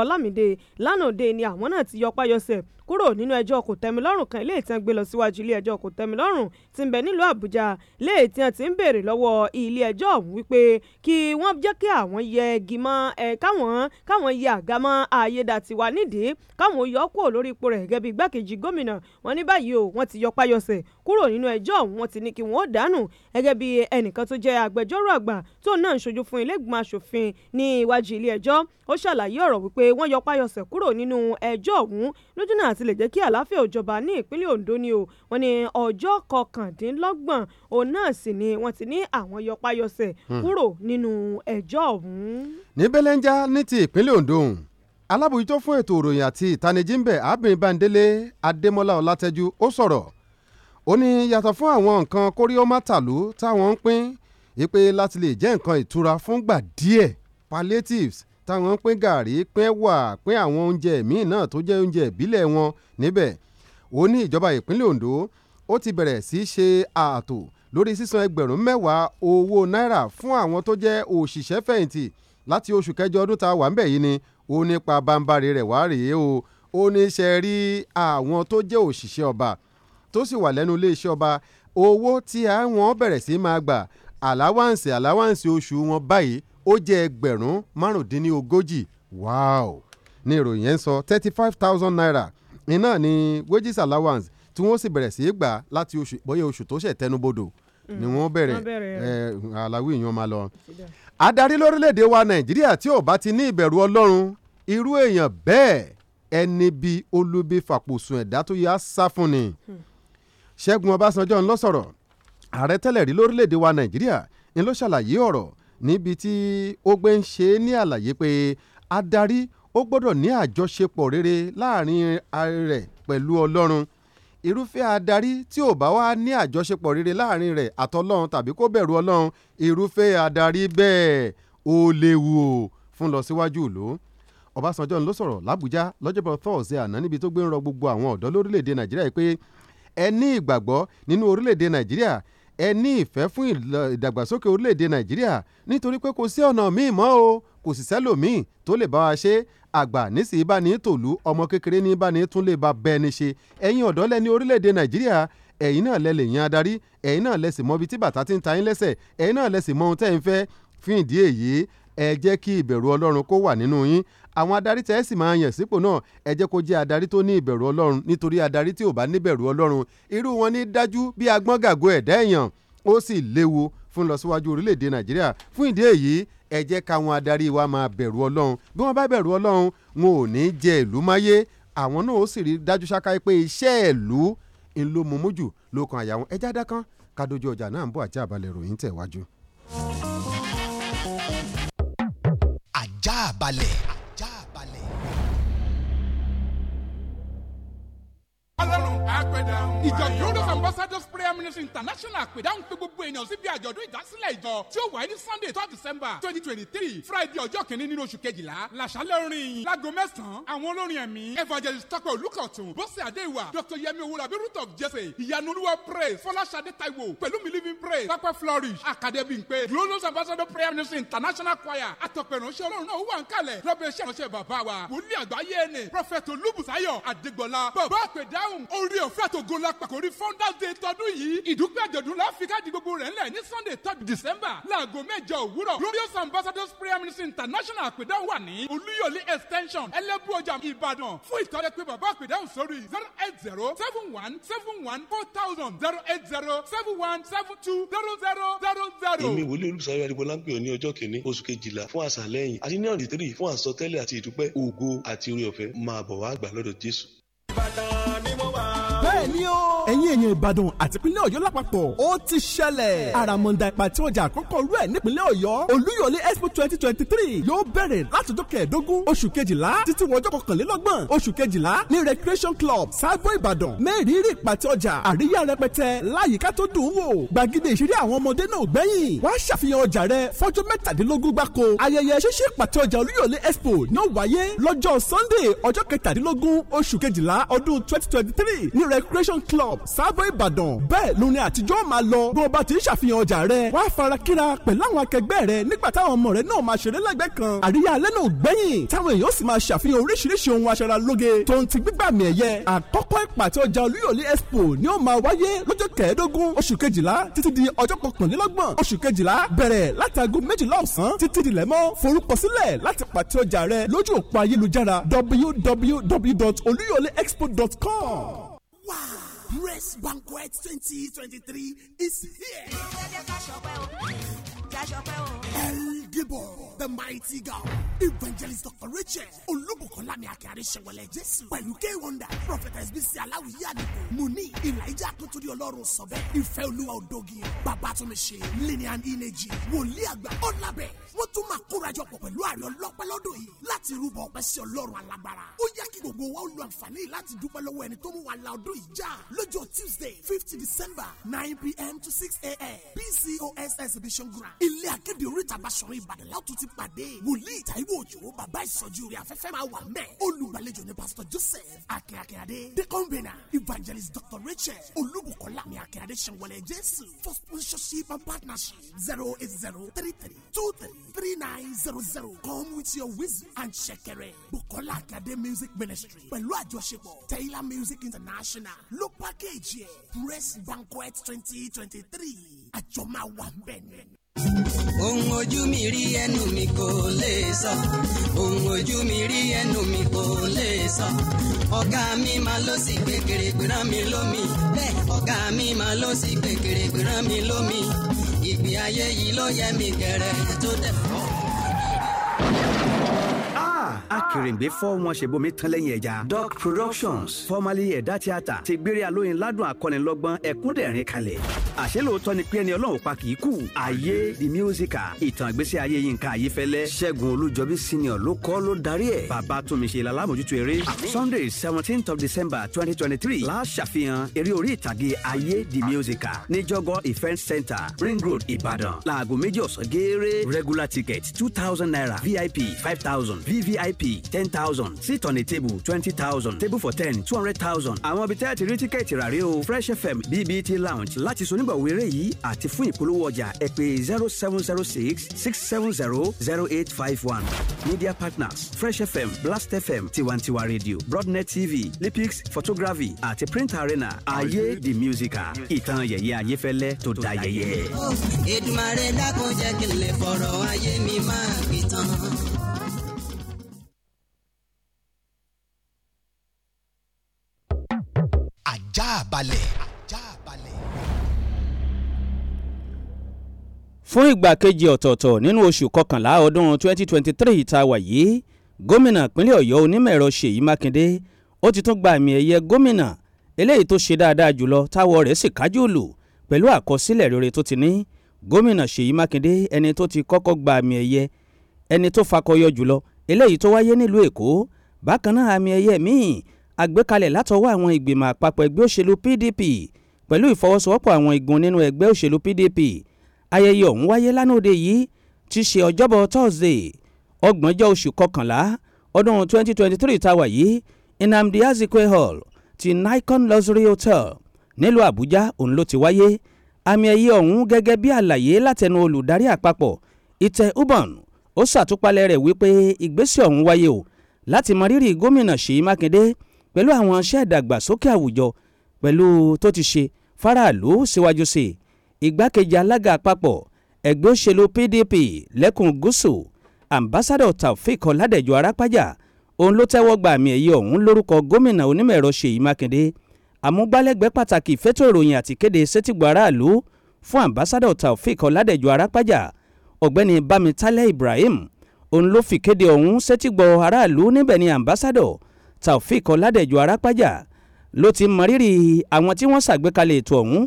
ọ̀làmídé lánàá òde ni àwọn náà ti yọpá yọsẹ̀ kúrò nínú ẹjọ́ kòtẹ́milọ́rùn kan ilé ìtàn gbé lọ síwájú ilé ẹjọ́ kòtẹ́milọ́rùn tí ń bẹ nílùú Àbújá lé ìtàn ti ń béèrè lọ́wọ́ ilé ẹjọ́ ọ̀hún wípé kí wọ́n jẹ́ kí àwọn yẹ igi mọ́ ẹ káwọn káwọn yẹ àga mọ́ Ayédàtiwa nídìí káwọn yọ kúrò lórí ipò rẹ̀ gẹ́gẹ́ bí igbákejì gómìnà wọn ní báyìí o wọ́n ti yọ páyọsẹ̀ kúrò nínú ẹjọ́ ọ̀hún wọ́n ti ní kí wọ́n ó dànù gẹ́gẹ́ bí ẹnìkan tó jẹ́ agbẹjọ́rò àgbà tó náà ń ṣojú fún ilégbìmọ̀ aṣòfin ní iwájú ilé ẹjọ́ ó ṣàlàyé ọ̀rọ̀ wípé wọ́n yọ páyọsẹ̀ kúrò nínú ẹjọ́ ọ̀hún lójú àti lè jẹ́ kí àlàáfíà òjọba ní ìpínlẹ̀ Ondo ni o wọ́n ní ọjọ́ kọkàndínlọ́gbọ̀n òun náà sì ni wọ́n ti ní àwọn yọpayọsẹ̀ hmm. kúrò nínú ẹjọ́ ọ̀hún. ní bẹ́lẹ́njá ní ti ìpínlẹ̀ Ondo alábòjútó fún ètò òròyìn àti ìtanijí ń bẹ arábìnrin bandele Adémọ́lá Ọlátẹ́jú ó sọ̀rọ̀ ó ní yàtọ̀ fún àwọn nǹkan kórí ó má tàlú táwọn ń pín ìpè láti lè jẹ́ nǹkan ìtura fúngbà díẹ̀ palliatives táwọn ń pín gàrí pín ẹ̀wà pín àwọn oúnjẹ míì náà tó jẹ́ oúnjẹ ìbílẹ̀ wọn níbẹ̀ ó ní ìjọba ìpínlẹ̀ Ondo ó ti bẹ̀rẹ̀ sí í ṣe ààtò lórí sísan ẹgbẹ̀rún mẹ́wàá owó náírà fún àwọn tó jẹ́ òṣìṣẹ́ fẹ̀yìntì láti oṣù kẹjọ ọdún tá a wà ń bẹ̀ yìí ni ó nípa bámbárì rẹ̀ wá rèé o ó ní ṣe rí àwọn tó jẹ́ òṣìṣẹ́ ọba tó sì wà lẹ́nu iléeṣẹ́ ọba owó tí àwọn bẹ̀rẹ̀ sí máa gbà àláwáǹsì àláwáǹsì oṣù wọn báyìí ó jẹ́ ẹgbẹ̀rún márùndínlógójì wow ni ìròyìn yẹn sọ thirty five thousand naira iná ni wages allowance tí wọ́n sì bẹ̀rẹ̀ sí í gbà láti oṣù bóyá oṣù tó ṣẹ̀ tẹnubodò ni mm. wọ́n bẹ̀rẹ̀ aláwí ìyẹn máa lọ. adarí lórílẹ̀‐èdè wa nàìjíríà tí ò bá ti ní ìbẹ̀rù ọlọ́run irú èèyàn bẹ́ẹ̀ ẹni bí olubi fàpòsùn ẹ̀dá tó yá sá fún ni. Hmm. ṣẹ́gun ọbásanjọ́ ń ààrẹ tẹ́lẹ̀ rí lórílẹ̀‐èdè wa nàìjíríà ń lọ ṣàlàyé ọ̀rọ̀ níbi tí ó gbé ń ṣe ní àlàyé pé adarí ó gbọ́dọ̀ ní àjọṣepọ̀ rere láàrin rẹ̀ pẹ̀lú ọlọ́run irúfẹ́ adarí tí ò bá wá ní àjọṣepọ̀ rere láàrin rẹ̀ àtọlọ́run tàbí kó bẹ̀rù ọlọ́run irúfẹ́ adarí bẹ́ẹ̀ ó léwu o fún lọ síwájú ìlú Ọbásanjọ́ ló sọ̀rọ̀ l'Àbújá lọ́jọ́bọ̀ Thursday àná níbi tó gbé ń rọ gbogbo àwọn ọ̀dọ́ lórílẹ̀‐èdè Nàìjíríà pé ẹ ní ìgbàgbọ́ nínú orílẹ̀‐èdè Nàìjíríà ẹ ní ìfẹ́ fún ìdàgbàsókè orílẹ̀-èdè nàìjíríà nítorí pé kò sí ọ̀nà míì mọ́ o kò sì sẹ́lòmíì tó lè bá wa ṣe àgbà nísìí bá ní tòlú ọmọ kékeré ní bá ní tún lè bá ni ṣe ẹ̀yin ọ̀dọ́ lẹ́ni orílẹ̀-èdè nàìjíríà ẹ̀yin náà lẹ lè yan adarí ẹ̀yin náà lẹ sì mọ ibi tí bàtà ti ń ta yín lẹ́sẹ̀ ẹ̀yin náà lẹ sì ohun tẹ́ ń fẹ́ fún ìdí èyí ẹ jẹ́ kí ìbẹ̀rù ọlọ́run kó wà nínú yín àwọn adarí tẹ́ ẹ sì máa yàn sípò náà ẹ jẹ́ kó jẹ́ adarí tó ní ìbẹ̀rù ọlọ́run nítorí adarí tí ò bá níbẹ̀rù ọlọ́run irú wọn ní dájú bí agbọ́n gàgó ẹ̀dá èèyàn ó sì léwu fún ìlọsíwájú orílẹ̀-èdè nàìjíríà fún ìdí èyí ẹ jẹ́ káwọn adarí wa máa bẹ̀rù ọlọ́run bí wọ́n bá bẹ̀rù ọlọ́run wọn ò ní jẹ ìlú máyé àwọn náà ó sì rí dájú ṣáká pé iṣẹ́ ìlú ńlọmọmójú ló kan àyà wọn dákan kádojú ọjà náà ń bọ̀ àti àbálẹ̀ ìròyìn tẹ̀wájú. àjà àbálẹ̀. ọlọ́run á pẹ́ dáhùn. ìjọ glorious ambassadors prayer ministry international àpèdáhùn pé gbogbo ènìyàn síbi àjọ̀dún ìdásílẹ̀ ìjọ tí ó wáyé ní sunday twelve december twenty twenty three friday ọjọ́ kìíní nínú oṣù kejìlá làṣálẹ̀ orin yìí láago mẹ́sàn-án àwọn olórin ẹ̀mí evangelist tọpẹ olùkọ̀tún bọ́sẹ̀ adéwà dr yemi owurabi root of jesse ìyanuluwa praise fọláṣadé taiwo pẹ̀lúmi living praise tọpẹ flourish academy pé glorious ambassadors prayer ministry international choir àtọ̀pẹ̀ránṣẹ́ ọlọ́run náà wà ń kalẹ̀ lọ́bẹ̀ iṣẹ́ ìránṣẹ́ bàbá wa wòlíì àgbáyé ẹni prọfẹ̀tì olúbùsáyọ̀ adégbọlá bàbá àpèdá dáhùn. orí ọ̀fẹ́ àtògo la pàkórí founder day tọdún yìí. ìdúpẹ́ àjọ̀dún la fi káàdì gbogbo rẹ̀ ńlẹ̀ ní sunday third december láago mẹ́jọ òwúrọ̀. glorious ambassadors prayer ministry international àpèdáhùn wà ní olúyọ̀lé extension ẹlẹ́bù ọjà ìbàdàn. fún ìtọ́jú pé bàbá àpèdáhùn sórí zero eight zero seven one seven one four thousand zero eight zero seven one seven two zero zero zero zero. èmi wòlíì olùsọ̀rọ̀ adigunlá ń pè ọ́ ní ọjọ́ kìíní oṣù kejìlá fún àṣàlẹ́yìn àti ní ọ̀nì tírì fún àsọtẹ́lẹ̀ àti ìdúpẹ́ ògo àti oore ọ̀fẹ́ máa bọ̀ wá gbà lọ́dọ̀ jésù. ìbàdàn Daniel! ẹ̀yin èèyàn ìbàdàn àti ìpínlẹ̀ ọ̀yọ́ lápapọ̀ ó ti ṣẹlẹ̀ àràmọ̀ǹdà ìpàtí ọjà àkọ́kọ́ rú ẹ̀ nípínlẹ̀ ọ̀yọ́ olúyọ̀lé expo twenty twenty three yóò bẹ̀rẹ̀ látọjọ́ kẹẹ̀ẹ́dógún oṣù kejìlá títí wọjọ́ kọkànlélọ́gbọ̀n oṣù kejìlá ní recreation club sábọ̀ ìbàdàn mẹ́rìírí ìpàtí ọjà àríyá rẹpẹtẹ láyìíká tó dùn wò gbàgede ìṣeré àwọn ọmọdé náà gbẹ̀yìn wá ṣàfihàn ọjà rẹ fọ́jọ́ mẹ́tàdínlógún gbáko ayẹyẹ ṣíṣe ìpàtí ọjà olúyọ̀lé expo ní ó wáyé lọ́jọ́ sunday ọjọ́ kẹtàdínlógún oṣù kejìlá ọdún twenty twenty three ní recreation club shop sábọ̀ ìbàdàn bẹ́ẹ̀ ló ní àtijọ́ máa lọ bí wọ́n bá ti ń ṣàfihàn ọjà rẹ̀ wá fara kíra pẹ̀lú àwọn akẹgbẹ́ rẹ̀ nígbà táwọn ọmọ rẹ̀ náà máa ṣeré lẹ́gbẹ̀ẹ́ kan àríyá alẹ́ náà gbẹ̀yìn táwọn èèyàn sì máa ṣàfihàn oríṣiríṣi ohun aṣaralóge tó ń ti gbígbà mí ẹ̀yẹ àkọ́kọ́ ìpàtẹ ọjà olúyọ̀lé expo ni ó máa wáyé lọ́jọ́ kẹẹ̀ẹ́dógún oṣù kejìlá títí di ọjọ́ kọkànlélọ́gbọ̀n oṣù kejìlá bẹ̀rẹ̀ látago méjìlá ọ̀sán títí dilẹ̀ Wow. Praise Banquet 2023 is here. El dìbò the mighty God. Evangelist Dr. Richard Olúbùkọ́lá ni Akíari Ṣẹ̀wẹ̀lẹ̀ Jésù. Pẹ̀lú K wonder Prophetess Bisi Aláwìyí Àdìgún. Muni Elijah Akíntúndí Ọlọ́run sọ̀bẹ́. Ìfẹ́ Olúwa Òdògì. Babatunmise Lillian Ineji. Wòlíì àgbà Ọ̀làbẹ̀. Wọ́n tún máa kórajọ pọ̀ pẹ̀lú àrẹ ọlọ́pẹ́ lọ́dún yìí láti rúbọ ọpẹ́ sí Ọlọ́run alágbára. Ó yẹ kí gbogbo wa ó lo àǹfààní láti dúpẹ́ lọ́wọ́ ẹni tó mú wa la ọdún yìí já. Lọ́jọ́ Tuesday fifty December nine pm to six am PCOS exhibition ground. Ilé akéde oríta Basọ̀rọ̀ Ìbàdàn látún ti pàdé wòlíì Táíwò Òjó bàbá ìsọjí orí afẹ́fẹ́ máa wà mẹ́ olùgbàlejò ni pastor Joseph akínyàkínyàdé deconvener evangelist Dr. Rachel olúbùkọ́lá mi akínyàdé sẹ́wọ̀lẹ̀ jésù for sponsorship and partnership zero eight zero three three two three three nine zero zero come with your wisdom and ṣẹ̀kẹ̀rẹ̀ Bukola akínyàdé music ministry pẹ̀lú àjọṣepọ̀ Taylor music international ló pàkéjì ẹ̀ press banquet twenty twenty three àjọ máa wà ń ohun ojú mi rí ẹnu mi kò lè sọ ohun ojú mi rí ẹnu mi kò lè sọ ọ̀gá mi máa ló sì kékeré gbéra mi lómi bẹ́ẹ̀ ọ̀gá mi máa ló sì kékeré gbéra mi lómi ìgbé ayé yìí ló yẹ mi gẹ̀rẹ́ tó dẹ̀ akèrèǹgbè fọ́ wọn ṣèbomi tán lẹ́yìn ẹja. doc productions formerly ẹ̀dá tíátà ti gbére alóyin ládùn akọ́nilọ́gbọ́n ẹ̀kúndẹ̀rín kalẹ̀. àṣé lóòótọ́ ni pé ẹni ọlọ́run pa kì í kú. ayé the musical ìtàn ìgbésí ayé Yínká Ayéfẹ́lẹ́ ṣẹ́gun olújọbí senior ló kọ́ ló darí ẹ̀. bàbá túnmíṣe lalámójútó eré sunday seventeenth of december twenty twenty three la ṣàfihàn eré orí ìtàgé ayé the musical ní jọgọ event center ring road ìbàdàn láago méjì ọ̀sán gééré regular ticket two thousand naira vip five thousand vvip IP ten thousand seat on a table twenty thousand table for ten two hundred thousand àwọn ibi tẹ́ẹ̀tì rí tíkẹ́ẹ̀tì rà rí o fresh fm bbt lounge láti sonígbàwé eré yìí àti fún ìpolówó ọjà ẹ pè zero seven zero six six seven zero zero eight five one media partners fresh fm blast fm tiwantiwa radio broadnet tv lipix photography àti print arena ayé the musical ìtàn yẹ̀yẹ́ ayéfẹ́lẹ́ tó da yẹ̀yẹ́. Èdùmàrè dákun jẹ́ kí n lè fọ̀rọ̀ ayé mi máa fi tán. ajá balẹ̀. fún ìgbà kejì ọ̀tọ̀ọ̀tọ̀ nínú oṣù kọkànlá ọdún 2023 tá a wà yìí gómìnà ìpínlẹ̀ ọ̀yọ́ onímọ̀ ẹ̀rọ ṣèyí mákindé ó ti tún gba àmì ẹ̀yẹ gómìnà eléyìí tó ṣe dáadáa jùlọ táwọ̀ rẹ̀ sì kájú òòlù pẹ̀lú àkọsílẹ̀ rere tó ti ní gómìnà ṣèyí mákindé ẹni tó ti kọ́kọ́ gba àmì ẹ̀yẹ ẹni tó fakọyọ jùlọ eléyìí tó wáyé nílùú èkó bákan náà àmì ẹ̀yẹ míì àgbékalẹ̀ látọwọ́ àwọn ìgbìmọ̀ àpapọ̀ ẹgbẹ́ òṣèlú PDP pẹ̀lú ìfọwọ́sowọ́pọ̀ àwọn igun nínú ẹgbẹ́ òṣèlú PDP ayẹyẹ ọ̀hún wáyé lánàá òde yìí ti ṣe ọjọ́bọ̀ Thursday ọgbọ̀njọ́ oṣù kọkànlá ọdún 2023 tá a wà yìí Nnamdi Azikwe Hall ti Nicon Luxury Hotel nílùú Àbújá òun ló ti wáyé àmì ẹ̀yẹ ọ̀hún gẹ́gẹ́ bí àlàyé látẹnu olùdarí àpapọ̀ Ìtẹ̀ Ubon ó ṣàtúpalẹ̀ rẹ̀ wípé ìgbésẹ̀ ọ̀hún wáyé o láti mọ gómìnà Ṣèyí Mákindé pẹ̀lú àwọn iṣẹ́ ìdàgbàsókè àwùjọ pẹ̀lú tó ti ṣe faraàlú síwájú sí i igbákejì alága àpapọ̀ ẹgbẹ́ òṣèlú PDP lẹ́kùn gúúsù ambassadọ Taofik Ọládẹ̀jọ Arápájà òun ló tẹ́wọ́ gba àmì ẹ̀yẹ ọ̀hún lórúkọ gómìnà onímọ̀ ẹ̀rọ Ṣèyí Mákindé amúgbálẹ́gbẹ́ pàtàkì fétò ìròyìn àti kéde sétígbò aráàlú fún ambassadọ Taofik Ọládẹ̀jọ Arápájà ọ̀gbẹ́ni Bámitálẹ́ Ibrahim òun ló fi kéde ọ̀hún sétígbò aráàlú níbẹ̀ ni ambassadọ taofik ọládẹ̀jọ arápájà ló ti mọrírì àwọn tí wọ́n ṣàgbékalẹ̀ ètò ọ̀hún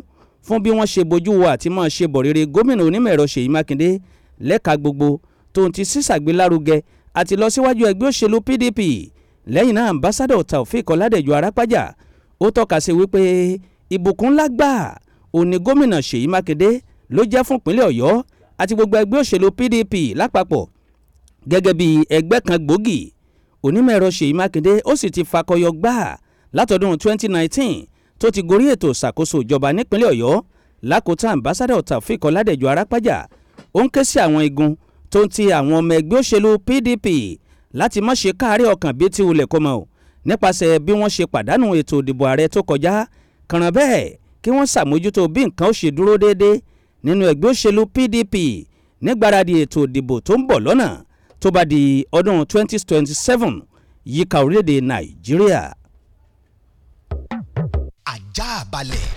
fún bí wọ́n ṣe bójú wo àti máa ṣe bọ̀ rere gómìnà onímọ̀ ẹ̀rọ ṣèyí mákindé lẹ́ka gbogbo tóun ti sísàgbélárugẹ àti lọ síwájú ẹgbẹ́ òṣèlú pdp lẹ́yìn náà ambassadọ̀ taofik ọládẹ̀jọ arápájà ó tọ́ka sí wípé ìbùkún ńlá gbà òní gómìnà ṣèyí mákindé ló jẹ́ fún ìpínlẹ̀ ọ̀yọ́ àti gbogbo ẹgbẹ́ òṣèlú pdp lápapọ̀ gẹ́gẹ́ bí ẹgbẹ́ kan gbòógì onímọ̀-ẹ̀rọ Ṣèyí Mákindé ó sì ti fakọyọ gbáà látọdún 2019 tó ti gorí ètò ìṣàkóso ìjọba nípínlẹ̀ Ọ̀yọ́ lákòótán ambassador Taofik Ọládẹ̀jọ Arápájà ó ń ké sí àwọn igun tó ń ti àwọn ọmọ ẹgbẹ́ òṣèlú PDP láti má ṣe káàárẹ̀ ọkàn bíi ti wulẹ̀ kó mọ̀ ọ́ nípasẹ̀ bí wọ́n ṣe pàdánù ètò ìdìbò ààrẹ tó kọjá kànràn bẹ́ẹ̀ kí wọ́n ṣàmójútó bí nǹkan ó ṣe dúró déédéé nínú ẹgbẹ́ òṣèlú PDP nígbàradì ètò ìdìbò tó ń bọ̀ lọ́nà tó bá di ọdún 2027 yíká orílẹ̀-èdè nàìjíríà. àjàbalẹ̀.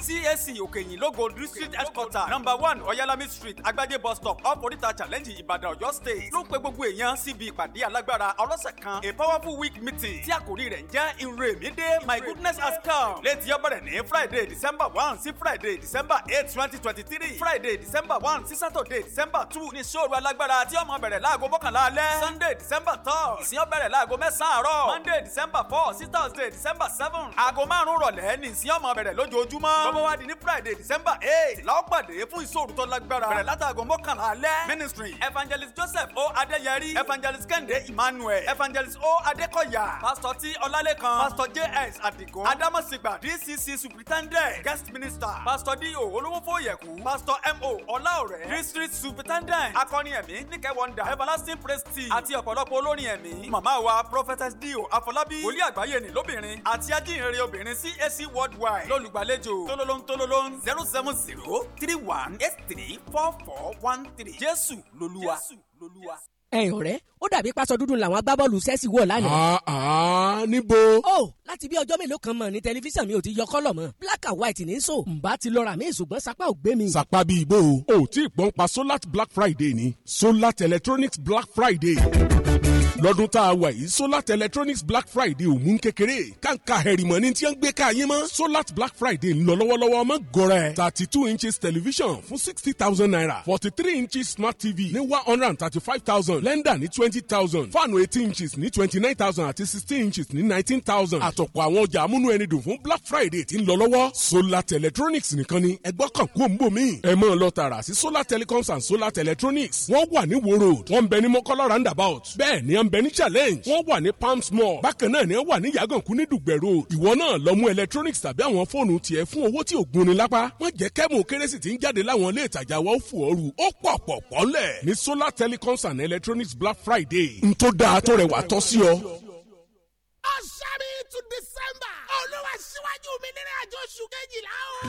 CSC òkèyìn logo, district headquarter number one oyalami street agbájé bus stop off oríta challenge ìbàdàn ọ̀yọ́ state ló ń pe gbogbo èèyàn síbi ìpàdé alágbára ọlọ́sẹ̀ kan a powerful week meeting tí àkòrí rẹ̀ ń jẹ́ ìrèmídé my goodness has come létí ọbẹ̀rẹ̀ ní friday december one sí friday december eight twenty twenty three friday december one sí saturday december two ní sóòrù alágbára tí ó máa bẹ̀rẹ̀ láago mọ́kànlá alẹ́ sunday december third ìsìn ó bẹ̀rẹ̀ láago mẹ́sàn-án àárọ̀ monday december four sí thursday december seven aago márùn-ún rọ̀lẹ́ ní ìsìn ó máa bẹ̀rẹ̀ lójoojúmọ́ sọmọwádìí ní friday december eight láọ́pàdé fún ìṣòro tó lágbára bẹ̀rẹ̀ látàgọ́ mọ́kànlá alẹ́ ministry evangelist joseph o adéyẹrí evangelist kẹ́hìndé emmanuel evangelist o adékọ̀yà pastor t ọlálẹ́kan pastor js àdìgún adámọ̀sígbà dcc superintendent guest minister pastor do olówófóyẹ̀kú pastor mo ọláọ̀rẹ́ district superintendent akọni ẹ̀mí níkẹ́ wọ́ndà everlasting praise team àti ọ̀pọ̀lọpọ̀ olórin ẹ̀mí màmá wa prophetess do àfọlábí wòlíì àgbáyé ni lóbìnrin àti ajínrere obìnrin cac worldwide lólùgbàlejò tó tololon tololon zero seven zero three one eight three four four one three jésù lolúwa. jésù lolúwa ẹ̀yin ọ̀rẹ́ ó dàbí pásọ dúdú làwọn agbábọ́ọ̀lù sẹ́sì wọ̀ lánàá. àá ah, ah, níbo. ó láti bí ọjọ́ mélòó kan mọ̀ ní tẹlifíṣàn mi ò ti yọ kọ́lọ̀ mọ́ black and white ní so ǹbá ti lọ́ra mi ṣùgbọ́n sapa ò gbé mi. sapa bíi ibo o ò tí gbọ́n pa solar black friday ni solar electronics black friday lọ́dún tá a wà yìí solat electronics black friday ò mú kékeré kàǹkà hẹ̀rìmọ̀ ni tí wọ́n gbé káyé mọ́ solat black friday ń lọ lọ́wọ́lọ́wọ́ ọmọ gọ̀rẹ́ thirty two inches television fún sixty thousand naira forty three inches smart tv ní one hundred and thirty five thousand blender ní twenty thousand fáànù eighteen inches ní twenty nine thousand àti sixteen inches ní nineteen thousand àtọ̀pọ̀ àwọn ọjà amúnú ẹni dùn fún black friday tí ń lọ lọ́wọ́ solat electronics nìkan ni ẹgbọ́ kan kú òǹbò mi ẹ mọ̀ lọ tààrà sí solar telecoms and solar electronics wọ́n wà ní wo road wọ́n ń bẹ ní mọ́kọ́lá roundabout bẹ́ẹ̀ ni ń challenge wọ́n wà ní palms mall bákan náà ni wọ́n wà ní yàgànkú ní dùgbẹ̀rọ ìwọ náà lọ mú electronics tàbí àwọn fóònù tiẹ̀ fún owó tí ò gbóni lápá wọ́n jẹ́ kẹ́mù kérésì tí ń jáde láwọn ilé ìtajà wa ó fò ooru ó pọ̀ pọ̀ pọ́lẹ̀ ní solar telecoms and electronics black friday n tó dáa tó rẹwà tọ́ sí ọ. ọ̀sẹ̀ mi tún december olúwa síwájú mi nínú àjọ oṣù kejìlá o.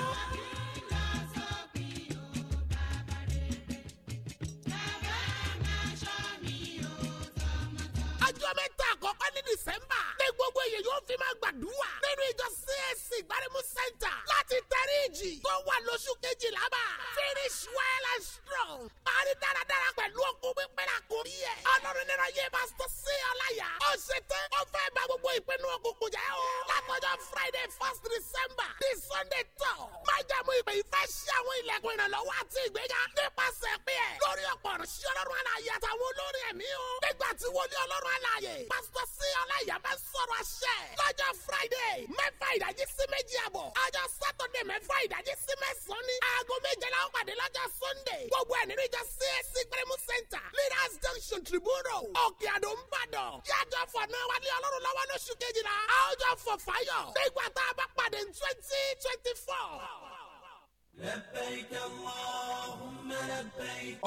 àkọ́kọ́ ní December. ní gbogbo èyí yóò fi máa gbàdúrà nínú ìjọ CAC gbarimu center láti tẹ̀rí ìjì tó wà lóṣù kejìlá bá. finish well and strong. parí dáradára pẹ̀lú okun pípẹ́ àkórí ẹ̀. ọlọ́run nínú ayé pásítọ̀ sí ọláyà. ó ṣe tẹ́ ó fẹ́ bá gbogbo ìpinnu òkùnkùn jẹ́ o. látọjọ́ Friday first December di Sunday tọ̀. májàmú ìpè ìfẹ́ ṣí àwọn ilẹ̀kùn ìrànlọ́wọ́ àti ìgbéga nípasẹ̀ pé ẹ̀ lórí ọ̀pọ̀ ọ̀rọ̀ sí ọlọ́run aláyè àtàwọn olórin ẹ̀mí o. nígbà tí wọlé ọlọ́run aláyè pásítọ̀ pásítọ̀ sí ọláyà bá sọ̀rọ̀ àṣẹ. lọ́jọ́ friday mẹ́fà ìdájí sí méjì àbọ̀. ọjọ́ saturday mẹ́fà ìdájí sí mẹ́sàn-án ni. aago méje la ó pàdé lọ́jọ́ sunday. gbogbo ẹ̀ nínú ìjọ csc gbẹrẹmú center leaders junction tribunal òkè àdó ń bàdàn. yájọ́ fọ̀ náà wálé ọlọ́run lọ́wọ́ lóṣù kejìlá. àwùjọ fọ̀ fáyọ̀. nígbà tá a bá pàdé twenty twenty four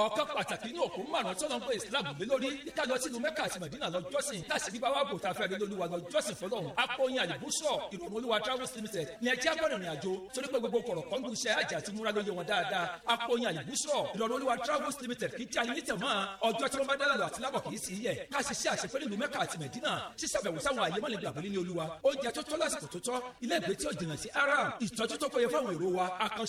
ọ̀kan pàtàkì ní òkú márùn-ún tọ́lọ́ ń pè islam lé lórí kíkájọ sínú mẹ́kà àti mẹ̀dínà lọ jọ́sìn káṣíbí bá wà bò tá a fẹ́ rí lóluwa lọ jọ́sìn fọlọ́run akọyin àlùbúṣọ̀ ìrònú olúwa travels limited ní ẹjẹ́ abọ́rẹ̀ ìrìn àjò torí pé gbogbo kọ̀rọ̀ kọ́ńdù iṣẹ́ àjà ti múra lóye wọn dáadáa akọyin àlùbúṣọ̀ ìrònú olúwa travels limited kì í jẹ́ ayé tẹ̀ mọ́ ọjọ́ tí wọ́n bá dálà lọ àti lábọ̀ kì í sì í yẹ ká ṣiṣẹ́ àṣepẹ́ nínú mẹ́kà àti mẹ̀dínà ṣíṣàbẹ̀wò sáwọn àyè mọ́lẹ̀ gbàgbé ní olúwa oúnjẹ tó tọ́ lásìkò tó tọ́ ilé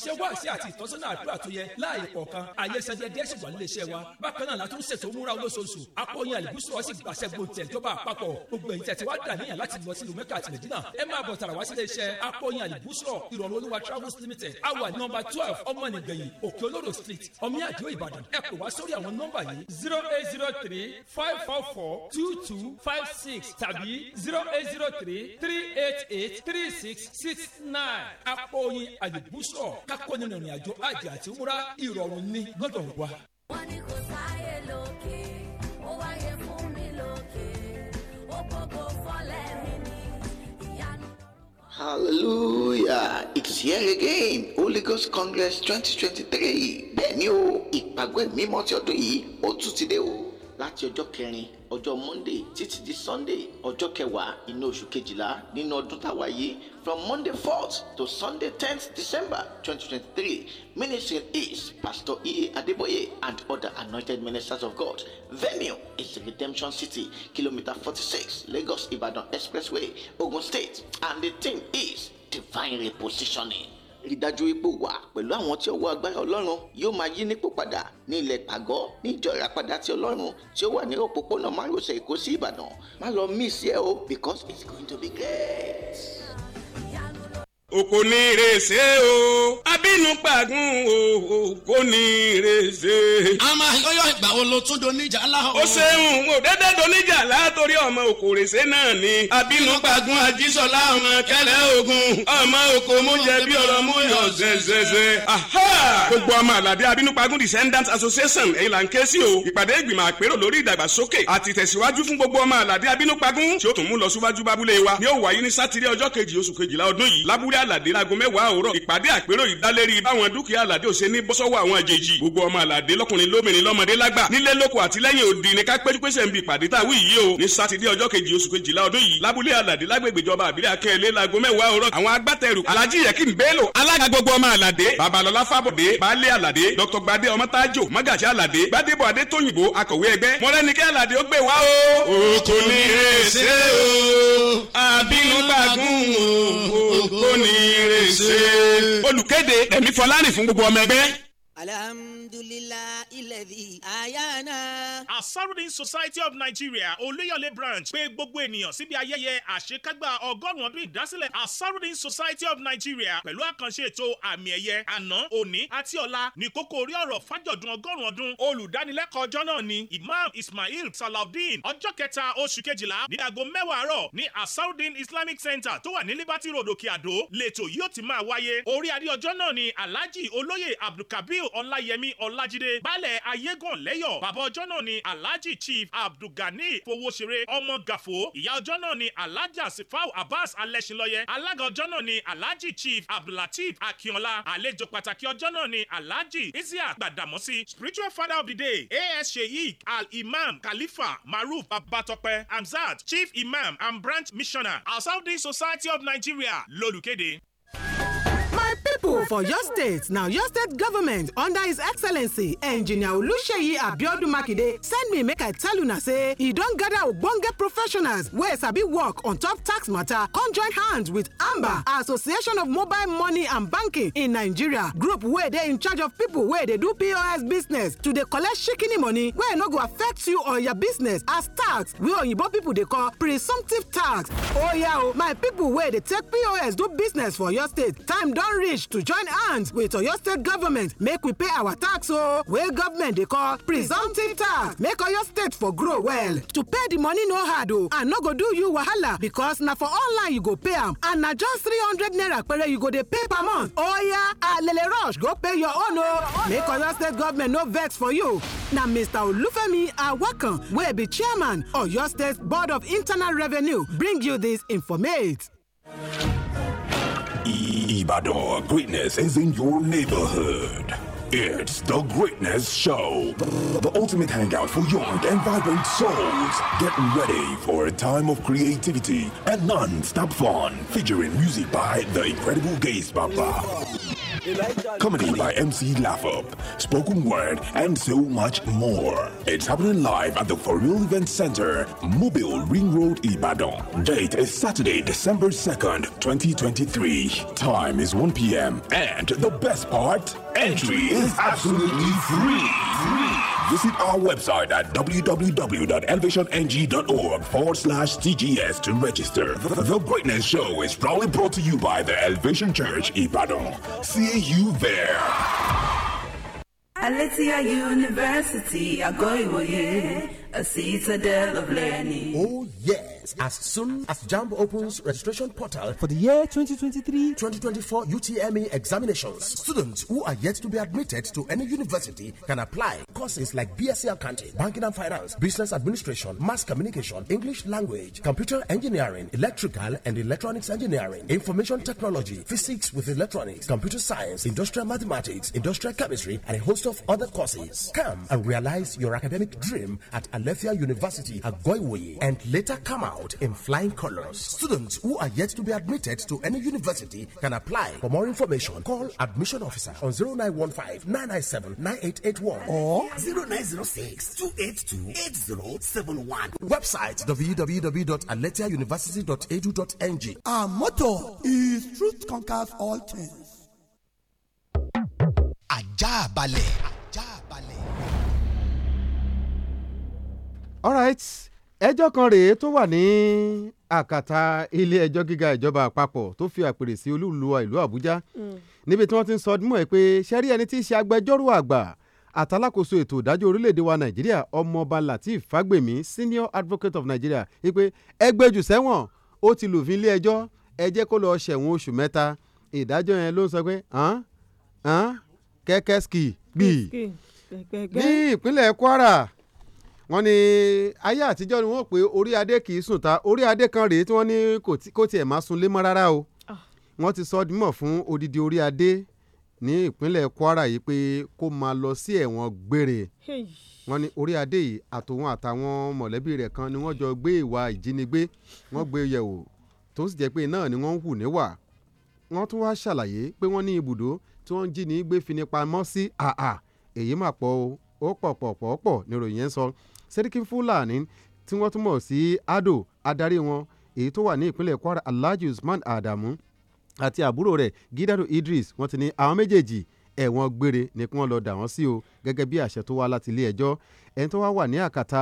ìgbé wáàsí àti ìtọ́sọ́nà àdúrà tó yẹ láàyè kọ̀ọ̀kan àyè sẹ́jẹ́ wà nílé iṣẹ́ wa bákan náà látún ṣètò múra olóṣooṣù akọyin àlùbùsù ọ̀sì gbàṣẹ gbòǹtẹ̀ ìjọba àpapọ̀ gbogbo ẹ̀yin tẹ̀sí dàníyàn láti lọ sílùú mẹ́kà àti mẹ́dínà ẹ máa bọ̀ tàrà wá sílé iṣẹ́ akọyin àlùbùsù ìrọ̀rùn travels limited àwa nọmba twelve ọmọnìgbẹ̀yìn òkè olóró street ọmíàdìó ìbàdàn ẹ pè wá sórí àwọn nọmba yìí zero eight zero three five four four two two five six tàbí zero eight zero three three eight eight three six six nine akọyin àlùbùsù kakọ kópa nínú ìrìn àjò àjì àti múra ìrọ̀rùn ni lọ́dọ̀ wa. wọ́n ní kò sáyé lókè ó wáyé fún mi lókè ó gbogbo fọ́lẹ̀ mi ní ìyanu. hallelujah it's here again Holy Ghost Congress twenty twenty three bẹ́ẹ̀ ni o ìpàgọ́ ẹ̀mí mímọ́ ti ọdún yìí ó tún ti dé o láti ọjọ́ kẹrin ọjọ́ monday títí di sunday ọjọ́ kẹwàá inú oṣù kejìlá nínú ọdún táwa yìí from monday fourth to sunday tenth december twenty twenty three ministry is pastor iye adeboye and other anointed ministers of god venue is redemption city Kilometer forty-six lagos ibadan expressway ogun state and the theme is divine repositioning rí dájú ipò wà pẹ̀lú àwọn tí ọwọ́ agbára ọlọ́run yóò máa yí nípò padà ní ilẹ̀ pàgọ́ ní ìjọ ìràpadà ti ọlọ́run tí ó wà ní òpópónà márosẹ̀ èkó sí ìbàdàn má lọ mí sí ẹ o because it's going to be great òkò ní ìrèsè o abínú pàgùn o òkò ní ìrèsè. a máa yọyọ ìgbà wo ló tún doníjà láhọ. ó ṣeun o dédé doníjà látòrí ọmọ òkò rèsè náà ni abínú pàgùn àjíṣọlá ọmọ kẹlẹ ogun ọmọ òkò mú jẹ bí ọ̀rọ̀ mú yọ zẹzẹzẹ. gbogbo ọmọ àlàdé abínú pàgùn descendants association èyí là ń ké sí o ìpàdé ìgbìmọ̀ àpérò lórí ìdàgbàsókè àti tẹ̀síwájú fún gbogbo ọmọ àlàdé abínú pàgùn tí ó tún mú lọ síwájú ni ó wáyé ní sátidé ọjọ́ kejì oṣù kejìlá ọdún yìí aládé láago mẹ́wàá òwúrọ̀ ìpàdé àpérò yìí dálérí báwọn dúkìá aládé ò ṣe ní bọ́sọ́wọ́ àwọn àjèjì gbogbo ọmọ aládé lọ́kùnrin lóbìnrin lọ́mọdé lágbà nílé lóko àti lẹ́yìn odi ní ká péjúpésẹ̀ ń bi ìpàdé tá a wí yìí o ní sátidé ọjọ́ kejì oṣù kejìlá ọdún yìí lábúlé aládé lágbègbè ìjọba àbílẹ̀ akẹ́lẹ́ láago mẹ́wàá òwúrọ̀ àwọn agbátẹrù alhaji yekin bello alága gbogbo ọmọ aládé babalọlá fábọ̀dé baálé aládé o. òkò o àbínú o nírèsè. olùkéde rẹ̀mí fọlárìn fún gbogbo ọmọ ẹgbẹ́. alhamdulilayi lẹ́bi ayana. Asarudeen Society of Nigeria Olúyọ̀lé branch pé gbogbo ènìyàn síbi ayẹyẹ àṣekágbá ọgọ́rùn-ún ọdún ìdásílẹ̀ Asarudeen Society of Nigeria pẹ̀lú àkànṣe ètò àmì ẹ̀yẹ àná òní àti ọ̀la ní kókó orí ọ̀rọ̀ fájọ̀dún ọgọ́rùn ọdún olùdánilẹ́kọ̀ọ́ ọjọ́ náà ni Imam Ismail Salaudeen ọjọ́ kẹta oṣù kejìlá ní aago mẹ́wàá àárọ̀ ní Asarudeen Islamic Center tó wà ní Liberty Road Òkè Àdó lẹ́tọ̀ yóò ti máa wáyé orí adé ọjọ́ náà ni Alhaji Olóyè Abdulkabir Ọláyẹmí Ọlájídé baálẹ̀ ayégún lẹ́yọ̀ bàbá ọjọ́ náà ni ni alhaji chief abdulgani fowóṣeré ọmọ gàfó ìyá ọjọ́ náà ni alhaji asifau abbas alẹ́ṣinlọ́yẹ alága ọjọ́ náà ni alhaji chief abdulateef akínọlá àlejò pàtàkì ọjọ́ náà ni alhaji isiaq gbàdàmọ́sí spiritual father of the day as sheikh al-imam khalifa maruf babatope hamzat chief imam and branch missioner our southern society of nigeria lolùkéde people for your state now your state government under his excellency engineer oluseyi abiodun makinde send me make i tell you una say e don gather ogbonge professionals wey sabi work on top tax matter come join hands with amba association of mobile money and banking in nigeria group where dey in charge of people where they do pos business to dey collect shikini money wey no go affect you or your business as tax wey oyinbo people they call presumptive tax Oh yeah, my people where they take pos do business for your state time don't reach to join hands with oyo state government make we pay our tax o wey government dey call presumptive tax make oyo state for grow well. to pay the money no hard o I no go do you wahala because na for online you go pay am and na just three hundred naira pere you go dey pay per month. oya alele rush go pay your own o make oyo state government no vex for you. na mr olufemi awakan wey be chairman oyo state board of internal revenue bring you dis informate. Ibadan, greatness is in your neighborhood. It's the Greatness Show, the ultimate hangout for young and vibrant souls. Get ready for a time of creativity and non-stop fun, featuring music by the incredible Gaze Baba. Comedy by MC Up, spoken word, and so much more. It's happening live at the Forreal Event Center, Mobile Ring Road, Ibadan. Date is Saturday, December 2nd, 2023. Time is 1 p.m. And the best part, entry is absolutely free. free. Visit our website at www.elevationng.org forward slash TGS to register. The, the Greatness Show is proudly brought to you by the Elevation Church, Ibadan. See you there. Aletia University, Agoiwoye a citadel of learning. Oh, yes. As soon as JAMB opens registration portal for the year 2023 2024 UTME examinations, students who are yet to be admitted to any university can apply courses like BSc Accounting, Banking and Finance, Business Administration, Mass Communication, English Language, Computer Engineering, Electrical and Electronics Engineering, Information Technology, Physics with Electronics, Computer Science, Industrial Mathematics, Industrial Chemistry, and a host of other courses. Come and realize your academic dream at a Alethia University at Goiwe and later come out in flying colors. Students who are yet to be admitted to any university can apply. For more information, call admission officer on 0915 997 9881 or 0906 282 8071. Website www.aletiauniversity.edu.ng. Our motto is truth conquers all things. Ajabale. alright ẹjọ́ kan rèé tó wà ní àkàtà ilé ẹjọ́ gíga ìjọba àpapọ̀ tó fi àpèrè sí olúùlúwa ìlú àbújá hmm. níbi tí wọ́n ti ń sọ ọdún mọ́ ẹ pé ṣẹ́rí ẹni tí í ṣe agbẹjọ́rò àgbà àtàlákòóso ètò ìdájọ́ orílẹ̀-èdè wa nàìjíríà ọmọọba lateef fagbemi senior advocate of nigeria wípé ẹgbẹ́jù sẹ́wọ̀n ó ti lòfin ilé ẹjọ́ ẹ jẹ́ kó lọ ṣẹ̀wọ̀n oṣù mẹ́ta ìdájọ́ yẹn ló ń sọ pé kẹ́kẹ́ ski gbì ní ìpínlẹ̀ kwara wọ́n ní ayé àtijọ́ ni wọ́n pé orí adé kì í sùn ta orí adé kan rèé tí wọ́n ní kò tiẹ̀ máa sun lé mọ́ rárá o ah. wọ́n ti sọ dímọ̀ fún odidi orí adé ní ìpínlẹ̀ Kwara yìí pé kó máa lọ sí ẹ̀wọ̀n gbére wọ́n ní orí adé yìí àtòun àtàwọn mọ̀lẹ́bí rẹ̀ kan ni wọ́n jọ gbé ìwà ìjínigbé wọ́n gbé e yẹ̀wò tó sì jẹ́ pé náà ni wọ́n ń hù níwà wọ́n tún wá ṣàlàyé pé wọ́n ní ibùdó tí wọ́n ń jí ní gbé fini pamọ́ sí àà èyí mà pọ̀ o ó pọ̀ pọ̀ pọ̀ pọ̀ níròyìn yẹn sọ sẹ́ríkì fúlàní tí wọ́n túmọ̀ sí ado adarí wọn èyí tó wà ní ìpínlẹ̀ kwara alhaji usman adamu àti àbúrò rẹ̀ gidado idris wọ́n ti ní àwọn méjèèjì ẹ̀wọ̀n gbére ni kí wọ́n lọ dà wọ́n sí o gẹ́gẹ́ bí àṣẹ tó wá láti ilé ẹjọ́ ẹni tó wá wà ní àkàtà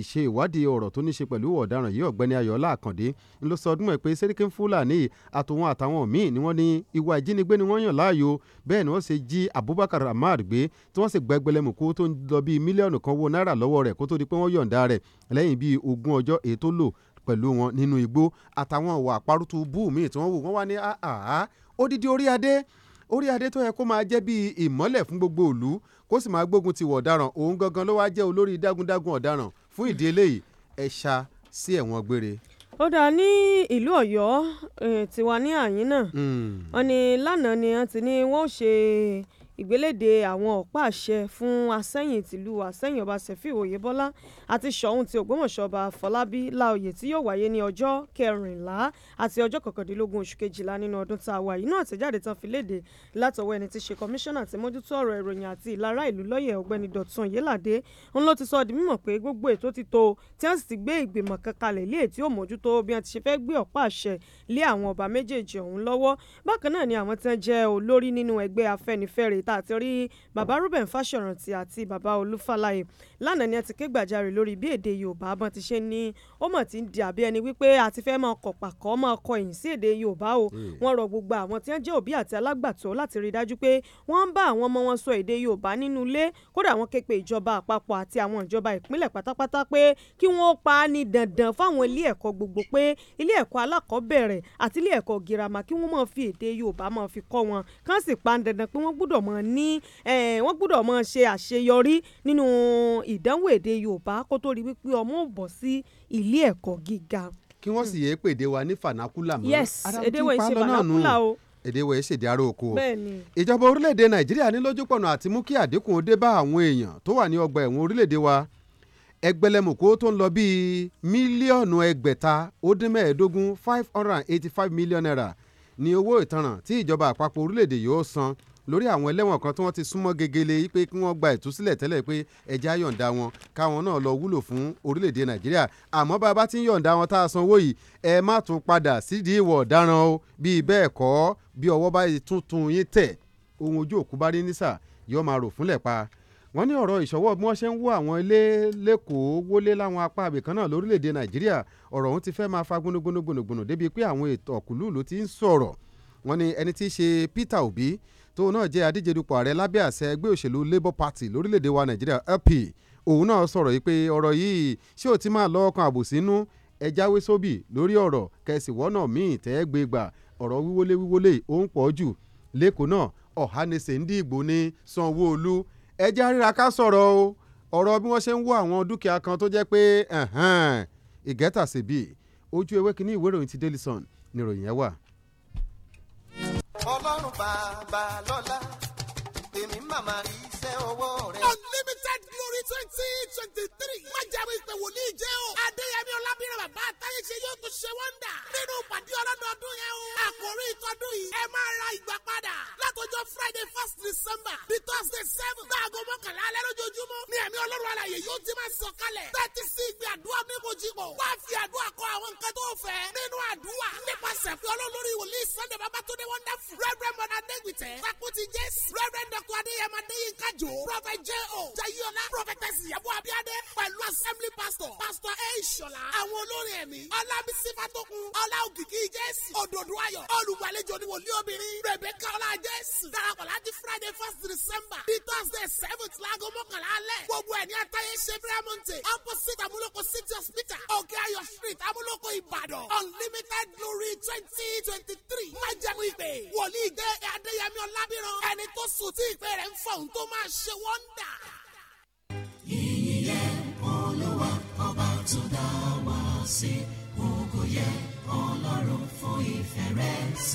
ìṣe ìwádìí ọ̀rọ̀ tó ní ṣe pẹ̀lú ọ̀daràn yìí ọ̀gbẹ́ni ayọ̀ọ́lá àkàndé ló sọ ọdún pé sẹ́ríkì fúlàní àtòwọn àtàwọn míì ni wọ́n ní ìwà ìjínigbé ni wọ́n yàn láàyò bẹ́ẹ̀ ni wọ́n ṣe jí abubakar ahmad gbé tí wọ́n sì gba ẹgbẹ̀lẹ́mùkú tó ń lọ bíi mílíọ̀nù kan owó náírà lọ́wọ́ rẹ̀ kó tó di pé wọ́n yọ̀ǹda rẹ̀ lẹ́yìn bíi ogún ọjọ́ èyí tó lò pẹ̀lú wọn nínú igbó àtàwọn ọ̀wà àparùtù búù míì tí wọ́n wò wọ́n wá ní àhà odidi orí adé orí adé tó yẹ kó máa jẹ́ bíi ìmọ́lẹ̀ fún gbogbo ìlú kó sì máa gbógun ti wọ̀ ọ̀daràn òun gangan ló wá jẹ́ olórí dágundágun ọ̀daràn fún ìdí eléyìí ẹ ṣá sí ẹ̀wọ̀n gbére. ó dáa ní ìlú ọ̀yọ́ eh, tiwa ní àyín náà hmm. wọn ni lánàá ni wọn ti ní wọn ò ṣe ìgbéléde àwọn ọ̀pá àṣẹ fún asẹ́yìn tìlú asẹ́yìn ọba sefiu oyebola àti sọ̀ún ti ògbómọ̀ṣọ́ ọba fọlábí láòyè tí yóò wáyé ní ọjọ́ kẹrìnlá àti ọjọ́ kọkàndínlógún oṣù kejìlá nínú ọdún tá a wà yìí náà àtẹ̀jáde tán fi léde látọwọ́ ẹni tí ṣe kọmíṣánná tí mójútó ọ̀rọ̀ ìròyìn àti ìlara ìlú lọ́yẹ̀ ọ̀gbẹ́ni dọ̀tun yéládé ń ló ti sọ di mímọ̀ pé gbogbo ètò ti tó tí wọ́n sì ti gbé ìgbìmọ̀ kankan lè lé ètí òmójútó bí wọ́n ti ṣe fẹ́ gbé ọ̀pá àṣẹ lé àwọn ọba méjèèjì ọ̀hún lọ́wọ́ bákan náà ni àwọn tí wọ́n jẹ́ olórí nínú ẹgbẹ́ afẹ́nifẹ́re síta àti orí bàbá Reuben Fáṣọ̀rántì àti bàbá Olú Fálàyé lánàá ni ẹ ti ké gbàjarè lórí bí èdè yorùbá bọ́n ti ṣe ní ó mọ̀ ti ń di àbí ẹni wípé a ti fẹ́ máa kọ̀ pàkọ́ máa kọ ẹ̀yìn sí èdè yorùbá o hmm. wọ́n rọ gbogbo àwọn tí wọ́n jẹ́ òbí àti alágbàtọ́ láti rí i dájú pé wọ́n ń bá àwọn ọmọ wọn sọ èdè yorùbá nínú ilé kódà wọ́n ké pe ìjọba àpapọ̀ àti àwọn ìjọba ìpínlẹ̀ pátápátá pé kí wọ́n pa á ní dandan fáwọn ilé ẹ̀kọ́ gbogbo pé ilé ẹ̀kọ́ alákọ̀ọ́bẹ̀rẹ̀ àti ilé ẹ̀kọ́ girama kí wọ́n máa fi èdè yorùbá máa fi kọ́ wọn kán sì pa dandan pé wọ́n gbúdọ̀ máa ní wọ́n gbúdọ̀ máa ṣe àṣeyọrí nínú ìdánwò èdè Yorùbá kó tó rí wípé ọmọ ò bọ̀ sí ilé ẹ̀kọ́ gíga. kí wọ́n sì yéé pèdè wa ní fanakula mọ́. yes èdè wa ìṣe fanakula o èdè wa ìṣèdí ará oko. ìjọba orílẹ̀-èdè Nàìjíríà ní lójúpọ̀nà àti mú kí àdínkù ó dé bá àwọn èèyàn tó wà ní ọgbà ẹ̀wọ̀n orílẹ̀-èdè wa ẹgbẹ̀lẹ́mùkó tó ń lọ bíi mílíọ̀nù ẹgbẹ̀ta ó dín mẹ́ẹ̀ẹ́dógún five hundred and eighty five million naira ni owó ìtanràn tí ìjọba àpapọ̀ orílẹ̀-èdè yóò san lórí àwọn ẹlẹ́wọ̀n kan tí wọ́n ti súnmọ́ gegele pé kí wọ́n gba ìtúsílẹ̀ tẹ́lẹ̀ pé ẹja yọ̀ǹda wọn káwọn náà lọ wúlò fún orílẹ̀-èdè nàìjíríà àmọ́ bá a bá ti ń yọ̀ǹda wọn tá a sanwó yìí ẹ má tún padà sídìí ìwọ̀ ọ̀daràn o bíi bẹ́ẹ̀ kọ́ bí ọwọ́ bá tuntun yín tẹ̀ ohun ojú òkú bá rí nísà yóò máa rò fúnlẹ̀ pa wọ́n ní ọ̀rọ̀ ìṣọwọ́ bí wọ́n ṣe ń wó àwọn ilé lẹ́kọ̀ọ́ wọlé láwọn apá àbẹ̀kan náà lórílẹ̀‐èdè nàìjíríà ọ̀rọ̀ ọ̀hún ti fẹ́ máa fa gbónúgbónúgbónúgbónú débi pé àwọn ètò ọ̀kùnlù ló ti ń sọ̀rọ̀ wọ́n ní ẹni tí í ṣe Peter Obi tóun náà jẹ́ adíje dupò ààrẹ lábẹ́ àṣẹ ẹgbẹ́ òṣèlú Labour Party lórílẹ̀‐èdè wa Nàìjíríà LP òun náà sọ̀rọ̀ yìí pé ọ̀rọ̀ yìí ṣé ò ti máa lọ́ ọkàn àbòsínú ẹ jáwé sóbì lórí ọ̀rọ̀ kẹsì wọ́nà míì tẹ́ ẹ gbé gbà ọ̀rọ̀ wíwọlé wíwọlé ó ń pọ̀ jù lẹ́kọ̀ọ́ náà ọ̀hánẹsẹ̀ ń dìgbò ní Sanwó-Olú ẹ já ríra ká sọ̀rọ̀ o ọ̀rọ̀ bí wọ́n ṣe ń wọ àwọn dúkìá kan tó jẹ́ pé ìgẹ́tàsíbì ojú ewé kínní ìwé ìròyìn ti Daily Sun níròyìn yẹn wà ọlọ́run bàbá lọ́lá èmi màmá rí iṣẹ́ ọwọ́ rẹ twenty twenty three. má jáwé pé wòlíì jẹ́ o. adéyẹmí ọlábìrin bàbá àtàyè ṣe yóò tún ṣe wọ́ndà. nínú pàdé ọlọ́dọọdún yẹn o. àkòrí ìtọ́dún yìí. ẹ máa ra ìgbà padà. látọjọ́ friday first december di thursday seven. gbàgbọ́ mọ́kànlá alẹ́ lójoojúmọ́. ní ẹ̀mí ọlọ́run alàyè yóò ti máa sọ kalẹ̀. tẹ́tí sí ìgbé àdúrà nímojìkọ. wá fi àdúrà kọ àwọn nǹkan tó fẹ́. nínú àdúrà nípasẹ̀ fi olólórí wòlíì sunday babatunde wonderful. reverend mother degwite. fakuti jésù. reverend dr adéyẹmọ adéyínkájò. prophet j o. jayiola. prophet prophetess ìyàbọ̀ abíadé pẹ̀lú assembly pastor pastor e ìṣọ̀lá àwọn olórin ẹ̀mí ọlábísí fatokun ọlá òkìkí jésì òdòdó ayọ̀ olùgbàlejò ni wòlíì obìnrin rebecca ọlá jésì darapọ̀ láti friday first december bíi thursday seventh láago mọ́kànlá alẹ́ gbogbo ẹ̀ ní àtàyè ṣe firamonte opposite amúlòkọ city hospital òkè ayọ̀ street amúlòkọ ìbàdàn unlimited glory twenty twenty three májẹ̀mú ìpè wòlíì dé adéyẹmí ọlábìrán ẹni tó sùn tí ìpè rẹ̀ ń fọ̀ ń tó máa ṣe wọ́ndà.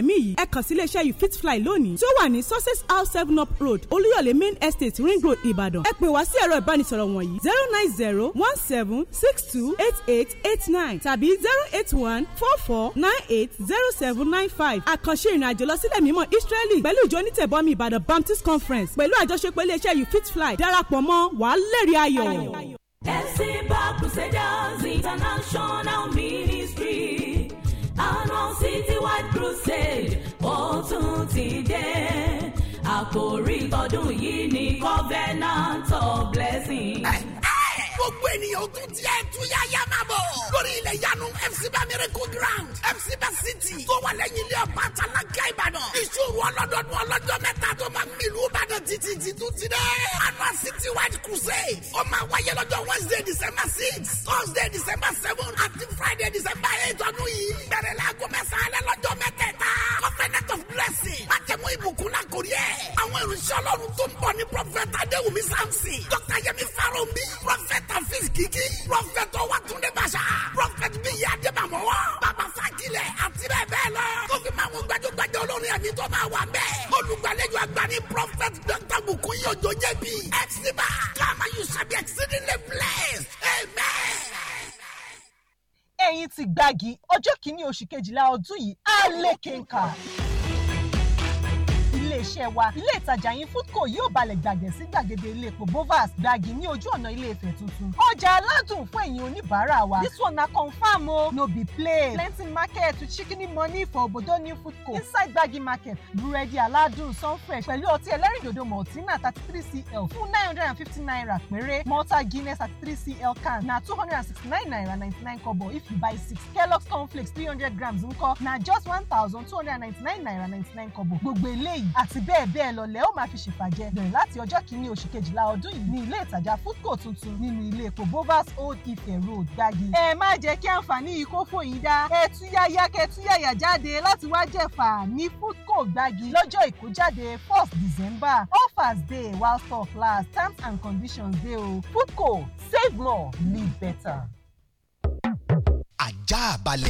rẹ̀mí yìí ẹ kàn sí iléeṣẹ́ yìí fitfly lónìí tí ó wà ní success house seven up road olúyọ̀lé main estate ring road ìbàdàn ẹ pè wá sí ẹ̀rọ ìbánisọ̀rọ̀ wọ̀nyí zero nine zero one seven six two eight eight eight nine tàbí zero eight one four four nine eight zero seven nine five àkànṣe ìrìnàjò lọ sílẹ̀ mímọ́ israeli pẹ̀lú ìjọ onítẹ̀bọmi ìbàdàn baptist conference pẹ̀lú àjọṣepọ̀ iléeṣẹ́ yìí fitfly darapọ̀ mọ́ wàá lẹ́rìí ayọ̀. fc bank crusaders international meeting citywide crusade ó tún ti dé àkòrí tọdún yìí ni covenant of blessing gbogbo ènìyàn tún tiẹ̀ túyá yá máa bọ̀. lórí ilẹ̀ yanu fc bá miracle ground fc bá city tó wà lẹ́yìn ilé ọ̀pá àtàlágà ìbàdàn. ìṣòro ọlọ́dọọdún ọlọ́jọ́ mẹ́ta tó máa mílù ìbàdàn títí títú ti dẹ́. annual city wide crusade ó máa wáyé lọ́jọ́ wednesday december six thursday december seven àti friday december eight ọdún yìí. bẹ̀rẹ̀ láago mẹ́sàn-án alẹ́ lọ́jọ́ mẹ́tẹ̀ẹ̀ta. covenant of blessing májẹ̀mú ìbùkún lákòrí ẹ̀. àwọn ìrìnsẹ̀ ọlọ́run tó ń bọ̀ ní prọfẹ̀tà hafiz kiki. prọfẹtọ Wátúndé Bàṣà. prọfẹtì bí ìyá dé bàmọ́ wọ́. bàbá Fákilẹ̀ àti bẹ́ẹ̀ bẹ́ẹ̀ lọ. tó fi máa mú gbajúgbajà olórin ẹ̀mí tó máa wà bẹ́ẹ̀. olùgbàlejò àgbà ni prọfẹt dr Bukunyi Ojo jẹ̀bi. ẹ̀sìnbà kàmá you sabi exceedingly blessed. amen ẹ̀yin ti gbági ọjọ́ kìíní oṣù kejìlá ọdún yìí á lé kéńkà iléeṣẹ́ wa ilé ìtajà yín foodco yóò balẹ̀ gbàgẹ̀ sí gbàgede ilé epo bovas gbàgì ní ojú ọ̀nà ilé Ifẹ̀ tuntun ọjà aládùn fún ẹ̀yin oníbàárà wa this one na confam o no be play plenty market to chicken money for obodo new foodco inside gbàgì market búrẹ́dì aládùn sunfresh pẹ̀lú ọtí ẹlẹ́rìndòdò maltina thirty three cl fún nine hundred and fifty naira péré malta guinness thirty three cl can na two hundred and sixty nine naira ninety nine kobo if you buy six kellogg's cornflakes three hundred grams ńkọ́ na just one thousand two hundred and ninety nine naira ninety nine kobo gbogbo eléyìí àti bẹ́ẹ̀ bẹ́ẹ̀ lọ lẹ́ ó máa fi ṣèfàjẹ́ bẹ̀rẹ̀ láti ọjọ́ kìíní oṣù kejìlá ọdún yìí ní ilé ìtajà foodco tuntun nínú ilé epo bovas old ife road gbági. ẹ má jẹ́ kí àǹfààní yìí kó fò yín dá ẹ túyáyá kẹ túyáyá jáde láti wá jẹ̀fà ní foodco gbági lọ́jọ́ ìkójáde first december offers day. while stock last. terms and conditions dey o foodco save more live better. ajá balẹ̀.